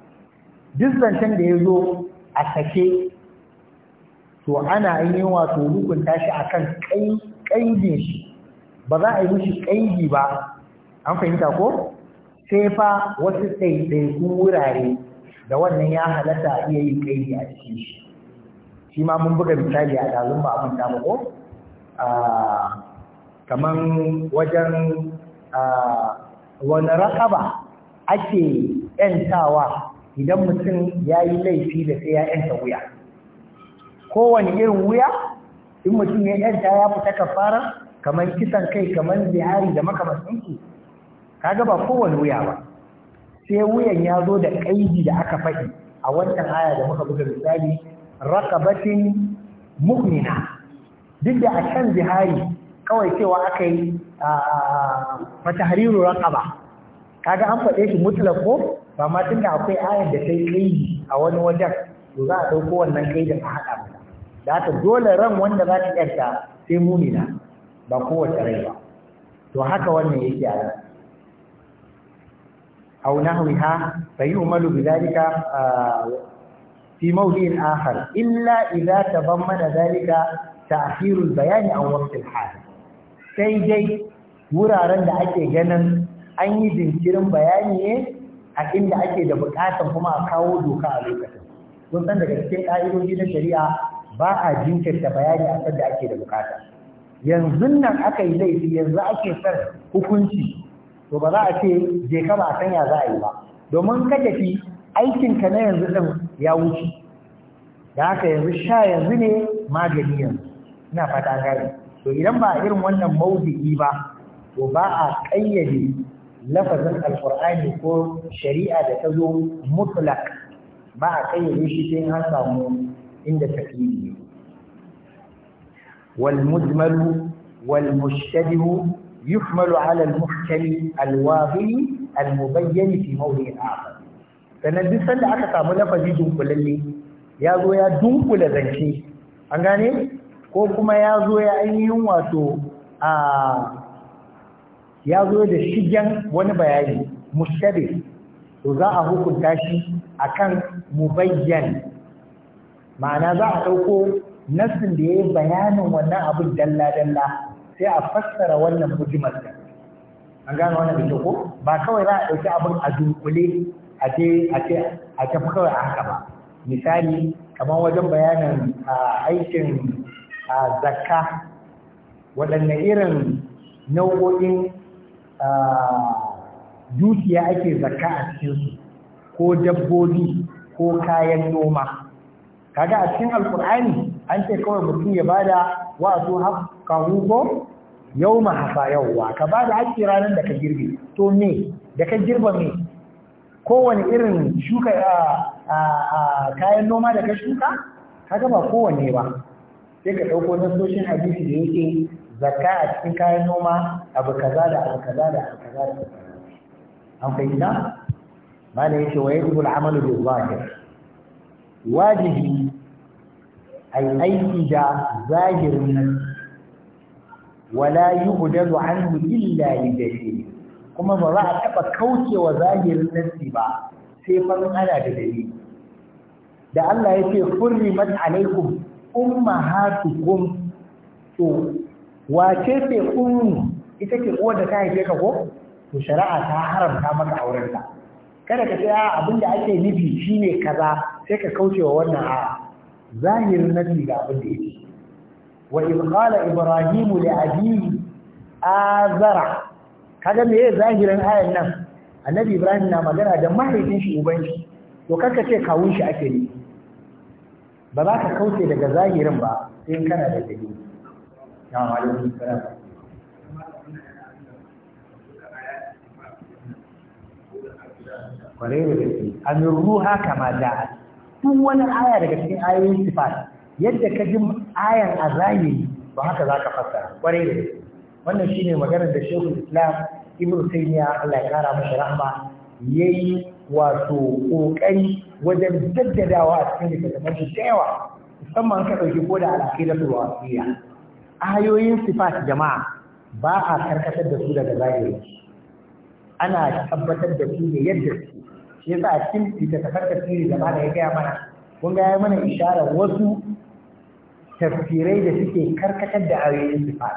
duk zancen da yazo a sake to ana yin wato hukunta shi akan kai kaidin shi ba za a yi mishi kaidi ba an fahimta ko sai fa wasu dai wurare da wannan ya halatta iya yin kaidi a cikin shi shi ma mun buga misali a ɗazun ba abin ta ko ah, kaman wajen wani rakaba ake ‘yantawa idan mutum ya yi laifi da sai ya ‘yanta wuya. Kowane irin wuya, in mutum ya ‘yanta ya fita kafara kamar kisan kai kamar zihari da makamashinsu, kaga ba kowane wuya ba. Sai wuyan ya zo da ƙaiji da aka faɗi a wancan aya da muka buga misali, rakabatin mu'mina. Duk da a can zihari kawai cewa aka yi a fata hariru raqaba kaga an faɗe shi mutula ko ba ma tunda akwai ayar da ta yi kaidi a wani wajen to za a dauko wannan kaidin a haɗa mu da ta dole ran wanda za ta yarda sai na ba kowace rai ba to haka wannan yake a ran aw nahwiha fayu'malu bidhalika fi mawdi'in akhar illa idza tabammana dhalika ta'khirul bayani an wancan hal sai dai wuraren da ake ganin an yi jinkirin bayani ne a inda ake da bukatan kuma a kawo doka a lokacin don san daga cikin ƙa'idoji na shari'a ba a jinkirta bayani a sanda ake da bukata yanzu nan aka yi laifi yanzu ake son hukunci to ba za a ce je ka ba a sanya za a yi ba domin ka tafi ka na yanzu ɗin ya wuce da haka yanzu sha yanzu ne magani yanzu ina fata gari. to idan ba a irin wannan mawdu'i ba to ba a kayyade lafazin alkur'ani ko shari'a da ta zo mutlaq ba a kayyade shi sai an samu inda ta ne wal mujmalu wal mushtabihu yuhmalu ala al muhkami al wadhi al mubayyan fi mawdi'in akhar sannan duk sanda aka samu lafazi dunkulalle ya zo ya dunkula zance an gane ko kuma ya zo ya ainihin wato a ya zo da shigen wani bayani mushtabi to za a hukunta shi a mu mubayyan ma'ana za a ɗauko nassin da ya yi bayanin wannan abin dalla-dalla sai a fassara wannan mujimar da an gano wannan da ko ba kawai za a ɗauki abin a dunkule a a ce tafi kawai a haka ba misali kamar wajen bayanin aikin a zakka waɗanne irin nau'o'in dukiya ake zakka a cikin su, ko dabbobi ko kayan noma kaga a cikin alkur'ani an ce kawai mutum ya bada wa a so haka hugo yau mahasa yauwa ka bada haƙƙi ranar da ka girbe to me da ka girba me kowane irin shuka kayan noma da ka shuka Ka gaba kowane ba sai ka ɗauko nasoshin hadisi da yake zakka a cikin kayan noma abu kaza da abu kaza da abu kaza da an fahimta mana yace waye yaqbul al'amalu bi zahir wajibi ay aiki da zahirin nan wala yuhdadu anhu illa li dalil kuma ba za a taba kaucewa zahirin nasi ba sai fa ana da dalili da Allah yace furrimat alaikum ummahatukum to wace ce ummu ita ce uwar da ta haife ka ko to shari'a ta haramta maka auren kada ka tsaya abin da ake nufi shine kaza sai ka kauce wa wannan a zahirin nabi ga abin da yake wa in qala ibrahim li abihi azara kaga me zahirin ayan nan annabi ibrahim na magana da mahaifin shi ubanci to kaka ce kawun shi ake nufi ba za ka kauce daga zahirin ba sai in kana da dalili ya malamin sarrafa kwarai da gaske an ruha kama da duk wani aya daga cikin ayoyin sifat yadda ka ji ayan a zahiri ba haka za ka fassara kwarai da gaske wannan shine maganar da shehu islam ibn taymiya Allah ya kara masa rahma yayi wato ƙoƙari wajen jaddadawa a cikin littattafan shi tsayawa yawa musamman ka ɗauki ko da alaƙi da turwasiya ayoyin sifat jama'a ba a karkatar da su daga zahiri ana tabbatar da su ne yadda su shi yasa a cikin littattafan tafsiri da mana ya gaya mana kun ga ya mana isharar wasu tafsirai da suke karkatar da ayoyin sifat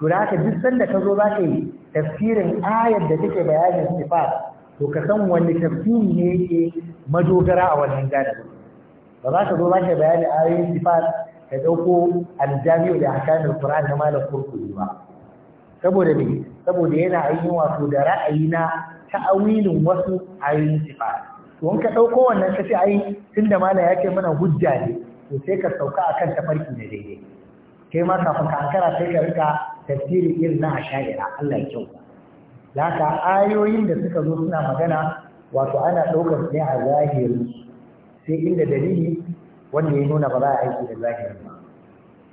to da haka duk sanda ka zo za ka yi tafsirin ayar da take bayanin sifat to ka san wani tafsiri ne yake madogara a wannan galibin ba za ka zo za ka bayani ayoyin sifat ka dauko aljami'u da hakamin qur'an na malam kurkuri ba saboda me saboda yana ainihin wato da ra'ayi na ta'awilin wasu ayoyin sifat to in ka ɗauko wannan ka ce ai tunda malam ya ce mana hujja ne to sai ka sauka akan tafarki da daidai kai ma kafin ka ankara sai ka rika tafsiri irin na asha'ira Allah ya kyauta da ayoyin da suka zo suna magana wato ana ɗaukar ne a zahiri. sai inda dalili wanda ya nuna ba za a aiki da zahiri ba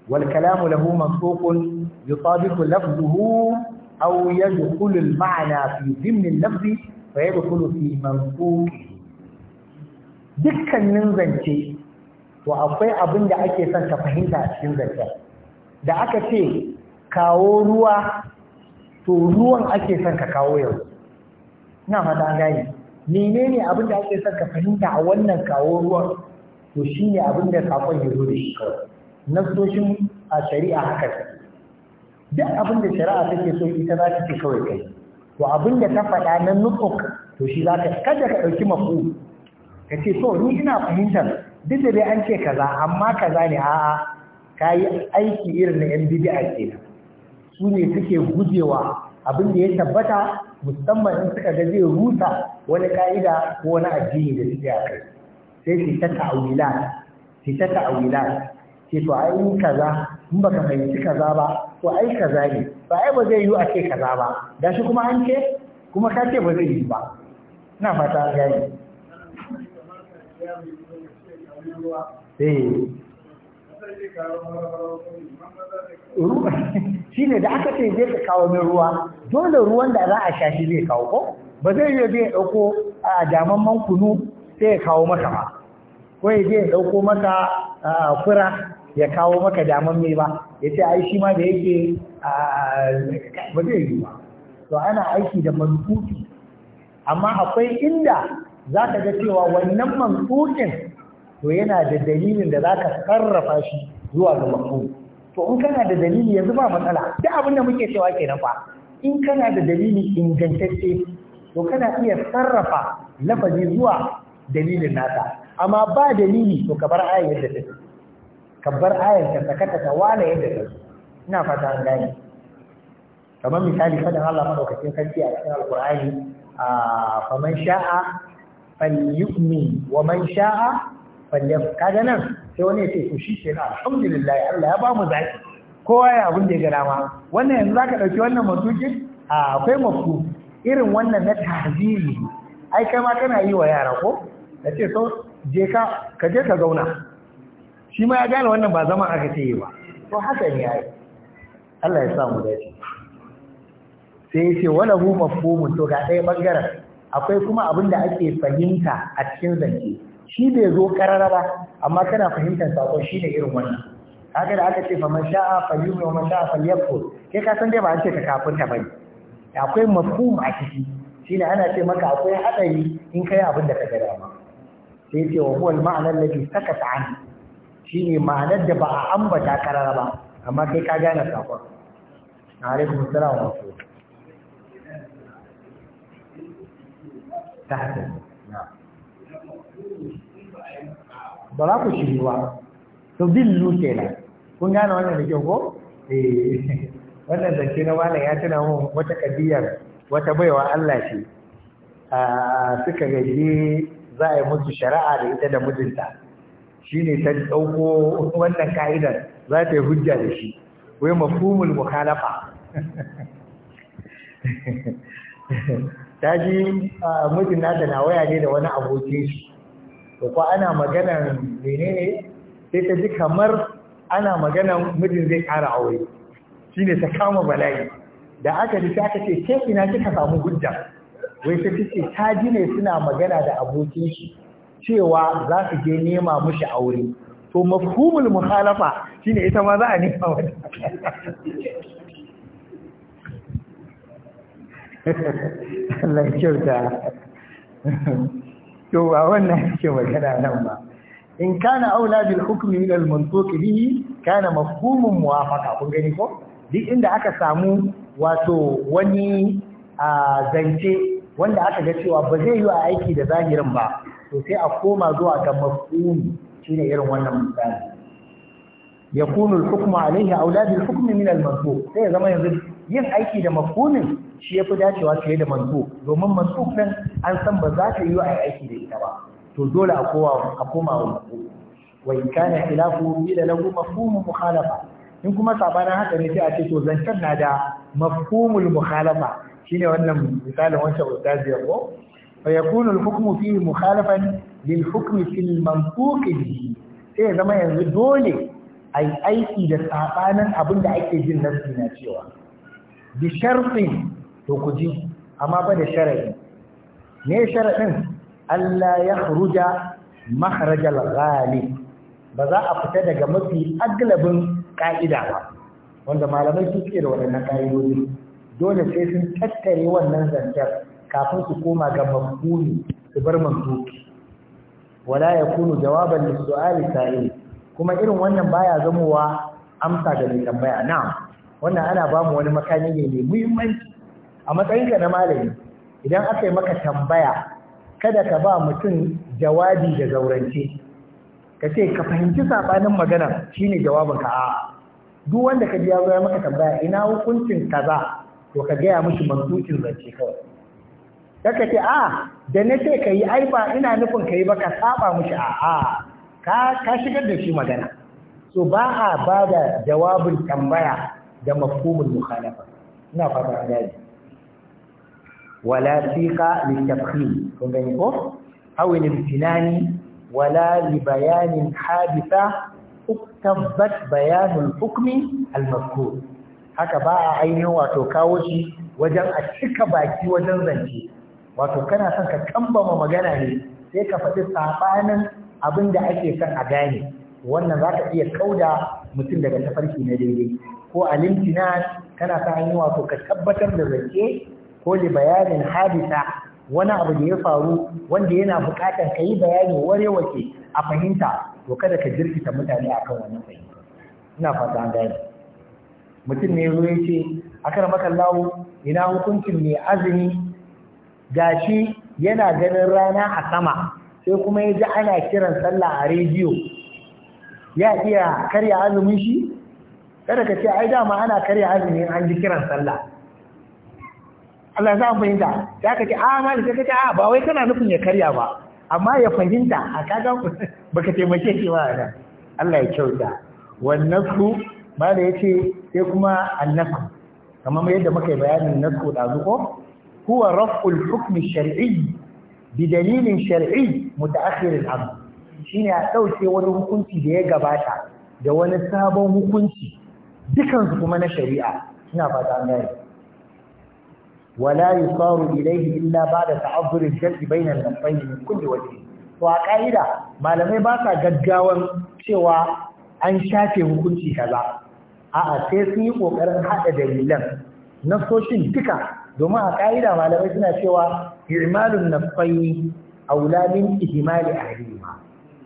wal kalamu lahu mansuqun yutabiqu lafzuhu aw yadkhulu al ma'na fi dhimn al lafz fa yadkhulu fi mansuqi dukkanin zance to akwai abin da ake son ka fahimta a cikin zance, da aka ce kawo ruwa to ruwan ake son ka kawo yau, ina fata an gane menene abin da ake son ka fahimta a wannan kawo ruwan to shine abin da sakon ya zo da shi kawai nasoshin a shari'a haka duk abin da shari'a take so ita za ta ce kawai kai to abin da ta faɗa na nutsuk to shi za ka kada ka ɗauki mafu ka ce so ni ina fahimtar duk da dai an ce kaza amma kaza ne a'a ka yi aiki irin na yan bidi'a kenan su ne suke gujewa abin da ya tabbata musamman in suka ga zai rusa wani ka'ida ko wani addini da suke a kai sai su ta ta'awila su ta ta'awila ce to ai kaza in baka fahimci kaza ba to ai kaza ne ba ai ba zai yi a ce kaza ba shi kuma an ce kuma ka ce ba zai yi ba ina fata gani eh ruwa shi ne da aka ce zai ka kawo min ruwa dole ruwan da za a sha shi zai kawo ko ba zai yi zai ɗauko a damamman kunu sai ya kawo maka ba ko ya zai ɗauko maka fura ya kawo maka daman mai ba ya ce ai shi ma da yake ba zai yi ba to ana aiki da mantuki amma akwai inda za ka ga cewa wannan mantukin to yana da dalilin da zaka sarrafa shi zuwa ga mafhum to in kana da dalili yanzu ba matsala duk abin da muke cewa kenan fa in kana da dalili ingantacce to kana iya sarrafa lafazi zuwa dalilin nata. amma ba dalili to ka bar ayar yadda take ka bar ayar ta sakata ta wala yadda take ina fata an gane kamar misali fadan Allah madaukakin sarki a cikin Alƙur'ani, a ah, faman sha'a falyu'min wa man sha'a falle kaga nan sai wani ya ce to shi na alhamdulillah Allah ya ba mu zaki kowa ya abun da ya gara ma wannan yanzu zaka dauki wannan matukin a akwai mafu irin wannan na tahziri ai kai ma kana yi wa yara ko da ce so je ka ka je ka zauna shi ma ya gane wannan ba zaman aka ce yi ba to haka ne yayi Allah ya sa mu dace sai ya ce wala hu mafhumun to ga ɗaya bangaren akwai kuma abin da ake fahimta a cikin zance shi bai zo karara ba amma kana fahimtar sako shi ne irin wannan kaga da aka ce fa man sha'a falyu'min wa man sha'a falyakfur kai ka san dai ba an ce ka ta bane akwai mafhum a ciki shine ana ce maka akwai hadari in kai abin da ka ga dama sai ce wa huwa al-ma'na alladhi sakata an shine ma'anar da ba a ambata karara ba amma kai ka gane sako alaikum assalam wa rahmatullahi ba za ku shiri ba to dillu kenan kun gane wannan da kyau ko eh, wannan zance na malam ya tuna mun wata kabiyar wata baiwa Allah shi, a suka gaji za a yi musu shari'a da ita da mijinta ne ta dauko wannan ka'idar za ta yi hujja da shi wai mafhumul mukhalafa [LAUGHS] ta ji mijin nata na waya ne da wani abokin shi to ko ana maganar menene sai ta ji kamar ana maganar mijin zai kara aure shine ta kama bala'i da aka ji aka ce ke ina kika samu hujja wai ta ce ta ji ne suna magana da abokin shi cewa za su je nema mushi aure to mafhumul mukhalafa shine ita ma za a nema wani [LAUGHS] Allah kyauta to ba wannan yake magana nan ba in kana aula bil hukmi min al mantuq bihi kana mafhumun muwafaqa kun gani ko duk inda aka samu wato wani a zance wanda aka ga cewa ba zai yi a aiki da zahirin ba to sai a koma zuwa ga mafhum shine irin wannan misali yakunu al hukmu alayhi aula bil hukmi min al mantuq sai zama yanzu yin aiki da mafhumin shi yafi dacewa fiye da mansu domin mansu nan an san ba za ta yi wa aiki da ita ba to dole a kowa a koma wa mafhum wa in kana khilafu bi da lahu mafhumu mukhalafa in kuma sabanin haka ne sai a ce to zancen na da mafhumul mukhalafa shine wannan misalin wancan ustazi ya ko fa yakunu al-hukmu fihi mukhalafan lil hukmi fil mansuq bihi sai zama yanzu dole ai aiki da sabanin abin da ake jin nasi na cewa bi sharfin to ku ji amma ba da sharadi ne sharadin Allah ya ruja maharajar ghali ba za a fita daga mafi aglabin ƙa'ida ba wanda malamai su suke da waɗannan ƙa'idodi dole sai sun tattare wannan zantar kafin su koma ga mafhumi su bar mamduki wala yakunu jawaban lis-su'ali sa'il kuma irin wannan baya zamowa amsa ga mai tambaya na'am wannan ana ba mu wani makami ne mai muhimmanci a matsayinka na malami idan aka yi maka tambaya kada ka ba mutum jawabi da zaurance ka ce ka fahimci sabanin magana shine jawabin ka a duk wanda ka biya ya maka tambaya ina hukuncin kaza to ka gaya mishi mantukin zance kawai Daga ce, "A, da na ce ka yi aifa, ina nufin ka yi ba ka saba mishi a a, ka shigar da shi magana." So ba a ba da jawabin tambaya da mafhumul mukhalafa ina fata an gane wala siqa li tafkhim gani ko aw in imtinani wala li bayanin haditha uktabat bayanul hukmi al mazkur haka ba a ainihin wato kawo shi wajen a cika baki wajen zance wato kana son ka kambama magana ne sai ka faɗi saɓanin abin da ake son a gane wannan za ka iya kauda mutum daga tafarki na daidai ko alimtina kana sa an yi wato ka tabbatar da zance ko li bayanin hadisa wani abu da ya faru wanda yana buƙatar ka yi bayani warewace a fahimta to kada ka jirkita mutane akan wannan fahimta ina fata an mutum ne zo ce ce akar makallawo ina hukuncin mai azumi gashi yana ganin rana a sama sai kuma ya ji ana kiran sallah a rediyo ya iya karya azumin shi kada ka ce ai dama ana karya azumi an ji kiran sallah Allah za mu fahimta ya ka a ah, malik ka ce a ah, ba wai kana nufin ya karya ba amma ya fahimta a kaga [LAUGHS] baka taimake shi ba Allah ya kyauta wannan su ba da yace sai kuma annaku kamar yadda muka yi bayanin nasu da zuko huwa raf'ul hukmi shar'i bi dalilin shar'i mutaakhir al-amr shine a dauke wani hukunci da ya gabata da wani sabon hukunci dukansu kuma na shari'a ina fata an gane wala yusaru ilaihi illa ba'da da al-jalb bayna al-nafsayn min kulli to a ƙa'ida malamai ba sa gaggawan cewa an shafe hukunci kaza a'a sai sun yi kokarin hada dalilan soshin duka domin a ƙa'ida malamai suna cewa imalun a aula min a ahlihima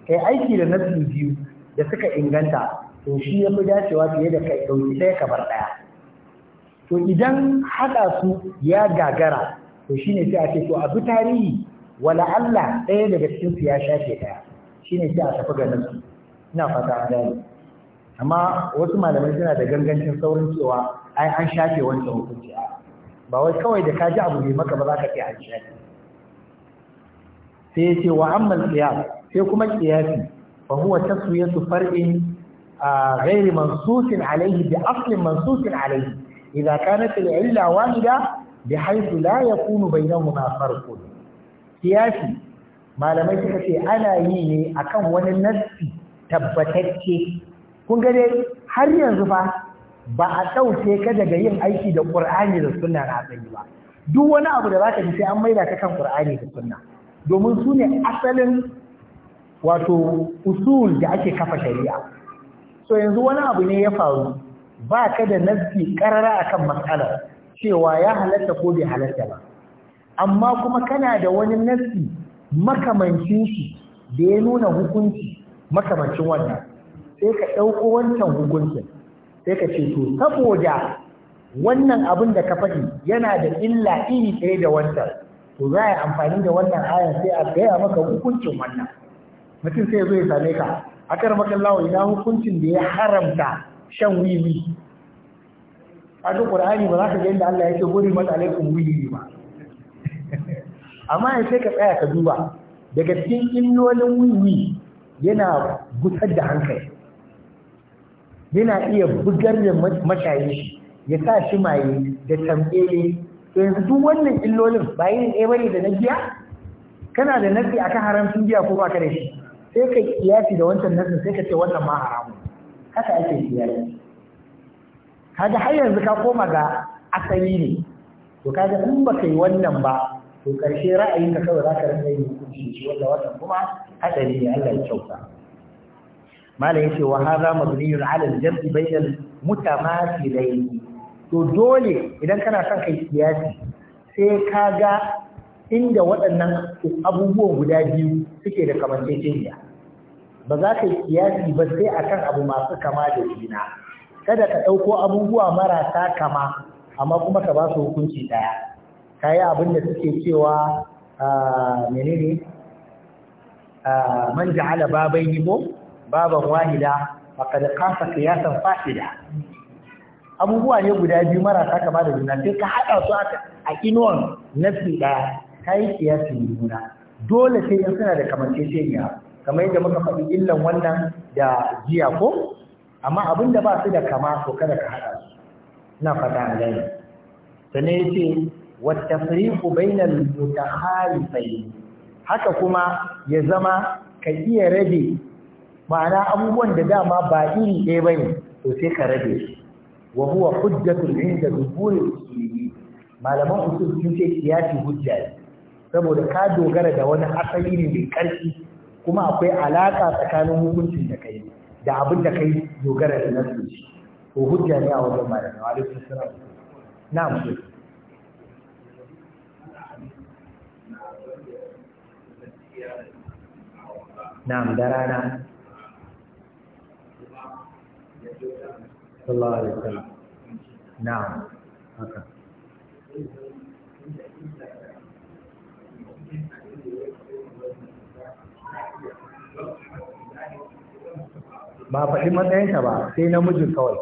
kai aiki da nafsi biyu da suka inganta to shi ya fi dacewa fiye da kai ɗauki ka kamar ɗaya to idan haɗa su ya gagara to shi ne sai a ce to a bi tarihi wala Allah ɗaya daga cikin su ya shafe ɗaya shi ne sai a tafi ga su, ina fata an gane amma wasu malamai suna da gangancin saurin cewa ai an shafe wancan hukunci a ba wai kawai da ka ji abu ne maka ba za ka ce an shafe sai ya ce wa amman qiyas sai kuma qiyasi fa huwa taswiyatu far'in غير منصوص عليه بأصل منصوص عليه إذا كانت العلة واحدة بحيث لا يكون بينهما فرق سياسي ما لم يتكفي أنا يني أكم وننسي tabbatacce kun ga dai har yanzu fa ba a ɗauke ka daga yin aiki da ƙur'ani da sunna asali ba duk wani abu da zaka bi sai an maida ka kan ƙur'ani da sunna domin sune asalin wato usul da ake kafa shari'a so yanzu wani abu ne ya faru ba ka da nazi karara akan matsalar cewa ya halatta ko bai halatta ba amma kuma kana da wani nazi makamancin shi da ya nuna hukunci makamancin wannan sai ka ɗauko wancan hukuncin sai ka ce to saboda wannan abin da ka faɗi yana da illa iri ɗaya da wancan to za a yi amfani da wannan ayan sai a gaya maka hukuncin wannan mutum sai zo ya same ka akar makallawa ina hukuncin da ya haramta shan wiwi duk qur'ani ba za ka ga inda Allah yake gori mata alaikum wiwi ba [LAUGHS] amma sai ka tsaya ka duba daga cikin illolin wiwi yana gusar da hankali yana iya bugar da mashayi ya sa shi maye da to yanzu duk wannan illolin ba yin ɗaya bane da na giya kana da nasi akan haramcin giya ko ba ka da shi sai ka kiyasi da wancan nasin sai ka ce wannan ma haramu haka ake kiyasi kaga har yanzu ka koma ga asali ne to kaga in ba kai wannan ba to karshe ra'ayin ka kawai zaka rinka yin kuɗi shi wanda wannan kuma hadari ne Allah ya kyauta malam yace wa hadha mabniyun ala al-jam'i bayna al-mutamathilayn to dole idan kana son kai kiyasi sai kaga inda waɗannan abubuwan guda biyu suke da kamanceceniya ba za ka yi kiyasi ba sai akan abu masu kama da juna kada ka ɗauko abubuwa marasa kama amma kuma ka ba su hukunci ɗaya ka yi abin da suke cewa menene man ja'ala babai ni baban wahida da kansa qiyasan fa'ida abubuwa ne guda biyu marasa kama da juna sai ka haɗa su a inuwan nafi ɗaya ka yi kiyasi juna dole sai in suna da kamanceceniya kamar yadda muka faɗi illan wannan da jiya ko amma abin da ba su da kama to kada ka haɗa su ina fata a gani sannan ya ce wata firiku bainal mutahalifai haka kuma ya zama ka iya rabe ma'ana abubuwan da dama ba iri ɗaya ba ne to sai ka rabe wa huwa hujjatul inda duburi usuli malaman usul sun ce kiyasi hujja ne saboda ka dogara da wani asali ne mai ƙarfi kuma akwai alaka tsakanin hukuncin da kai da abin da kai dogara da nasu shi ko hujja ne a wajen malamai wa alaikum salam na'am shi na'am da rana sallallahu alaihi wasallam na'am haka ba faɗi matsayinta ba sai namijin kawai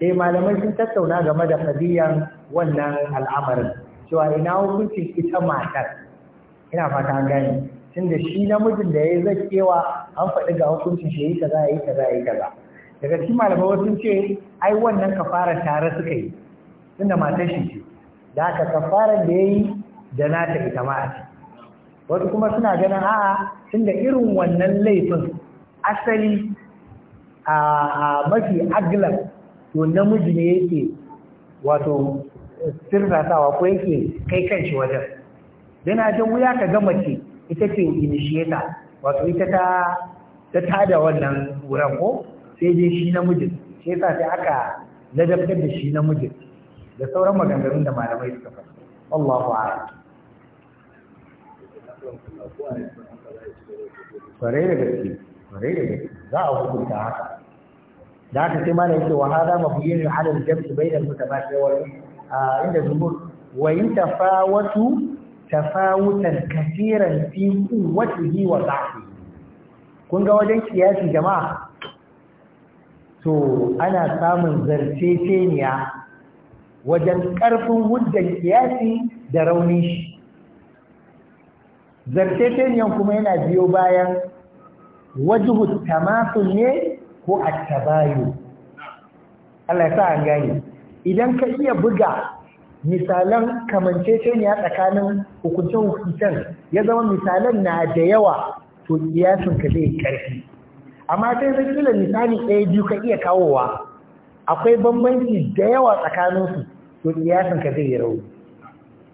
Sai eh, malamai sun tattauna game da fadiyan wannan al'amarin cewa ina hukuncin ita matar ina fata an tun da shi namijin da ya zakewa an faɗi ga hukuncin shi yi kaza yi kaza yi kaza daga cikin malamai wasu ce ai wannan fara tare suka yi Tun da matar shi ce da aka kafarar da ya yi da nata ita ma a ciki wasu kuma suna ganin a'a da irin wannan laifin asali a mafi agilan, to namiji ne yake wato sirratawa ko yake kai kanshi wajen yana jan wuya ka ga mace ita ce initiator wato ita ta ta tada wannan wuran ko sai dai shi namijin sai yasa sai aka ladabtar da shi namijin da sauran maganganun da malamai suka faɗa Allahu a'lam kwarai da gaske kwarai da gaske za a hukunta haka da haka sai malam yake wa hada mabiyyin halal inda tafawutan kaseeran fi quwwatihi kun ga wajen kiyasi jama'a to ana samun zarceceniya wajen karfin hujjar kiyasi da raunin shi zarceceniyan kuma yana biyo bayan wajibu tamasul ne ko attabayu Allah ya sa an gane idan ka iya buga misalan kamanceceniya tsakanin hukuncin-hukuncin ya zama misalan na da yawa to iyasin ka zai karfi amma sai zai kila misali ɗaya biyu ka iya kawowa akwai bambanci da yawa tsakaninsu to iyasin ka zai yi rauni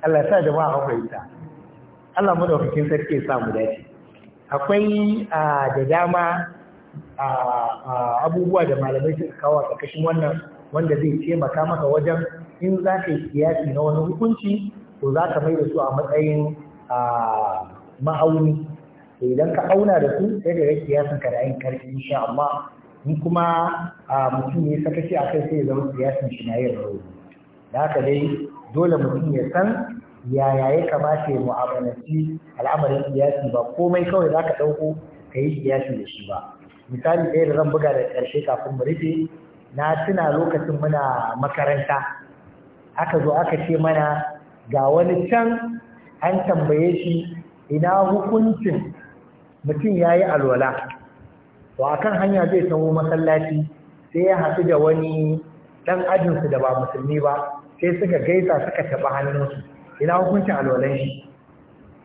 Allah ya sa jama'a haƙwaita Allah madaukakin sarki ya samu dace akwai da dama abubuwa da malamai suka kawo a wannan wanda zai taimaka maka wajen in za ka yi kiyasi na wani hukunci ko za ka mai da su a matsayin ma'auni idan ka auna da su sai da kiyasin ka da yin karfi insha Allah in kuma mutum ne sakaci a kai sai ya zama siyasin shi na yin rauni da haka dai dole mutum ya san yaya ya kamata ya mu'amalanci al'amarin kiyasi ba komai kawai za ka ɗauko ka yi kiyasi da shi ba misali ɗaya da zan buga da ƙarshe kafin mu rufe na tuna lokacin muna makaranta aka zo aka ce mana ga wani can an tambaye shi ina hukuncin mutum ya yi alwala to akan hanya zai sanwo masallaci sai ya haɗu da wani ɗan ajinsu da ba musulmi ba sai suka gaisa suka taɓa hannunsu ina hukuncin alwalan shi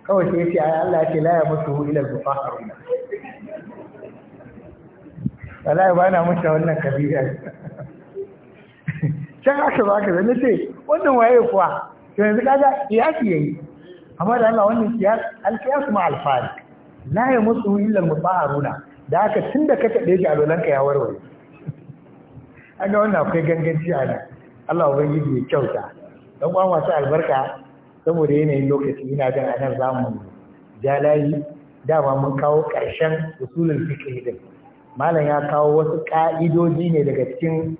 kawai sai ce ayi Allah ce la ya mutu ila zufaharuna wallahi ba na mutu wannan kabira can aka ba ka zane ce wannan waye kuwa to yanzu kaga kiyasi yayi amma da Allah wannan kiyas alkiyas ma alfari la ya mutu illa almutaharuna da haka tunda ka tade shi alwalan ka ya warware an ga wannan akwai ganganci a nan Allah ubangiji ya kyauta dan uwan wasu albarka saboda yanayin lokaci ina jan a nan zamu ja layi dama mun kawo ƙarshen usulun fiqh din malam ya kawo wasu ƙa'idoji ne daga cikin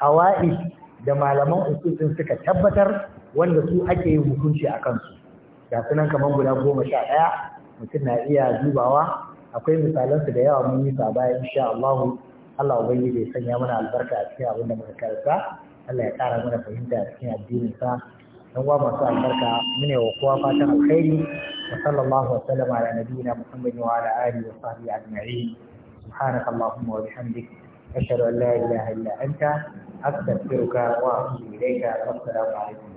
ƙawai da malaman usulun suka tabbatar wanda su ake yin hukunci a kansu ga sunan kamar guda goma sha ɗaya mutum na iya dubawa akwai misalansu da yawa mun yi sa baya insha Allah Allah ubangiji ya sanya mana albarka a cikin abin da muka karanta Allah ya ƙara mana fahimta a cikin addinin sa dan wa masu albarka mune wa kowa fatan alkhairi wa sallallahu wa sallama ala nabiyyina muhammadin wa ala alihi wa sahbihi ajma'in سبحانك اللهم وبحمدك أشهد أن لا إله إلا أنت أستغفرك وأتوب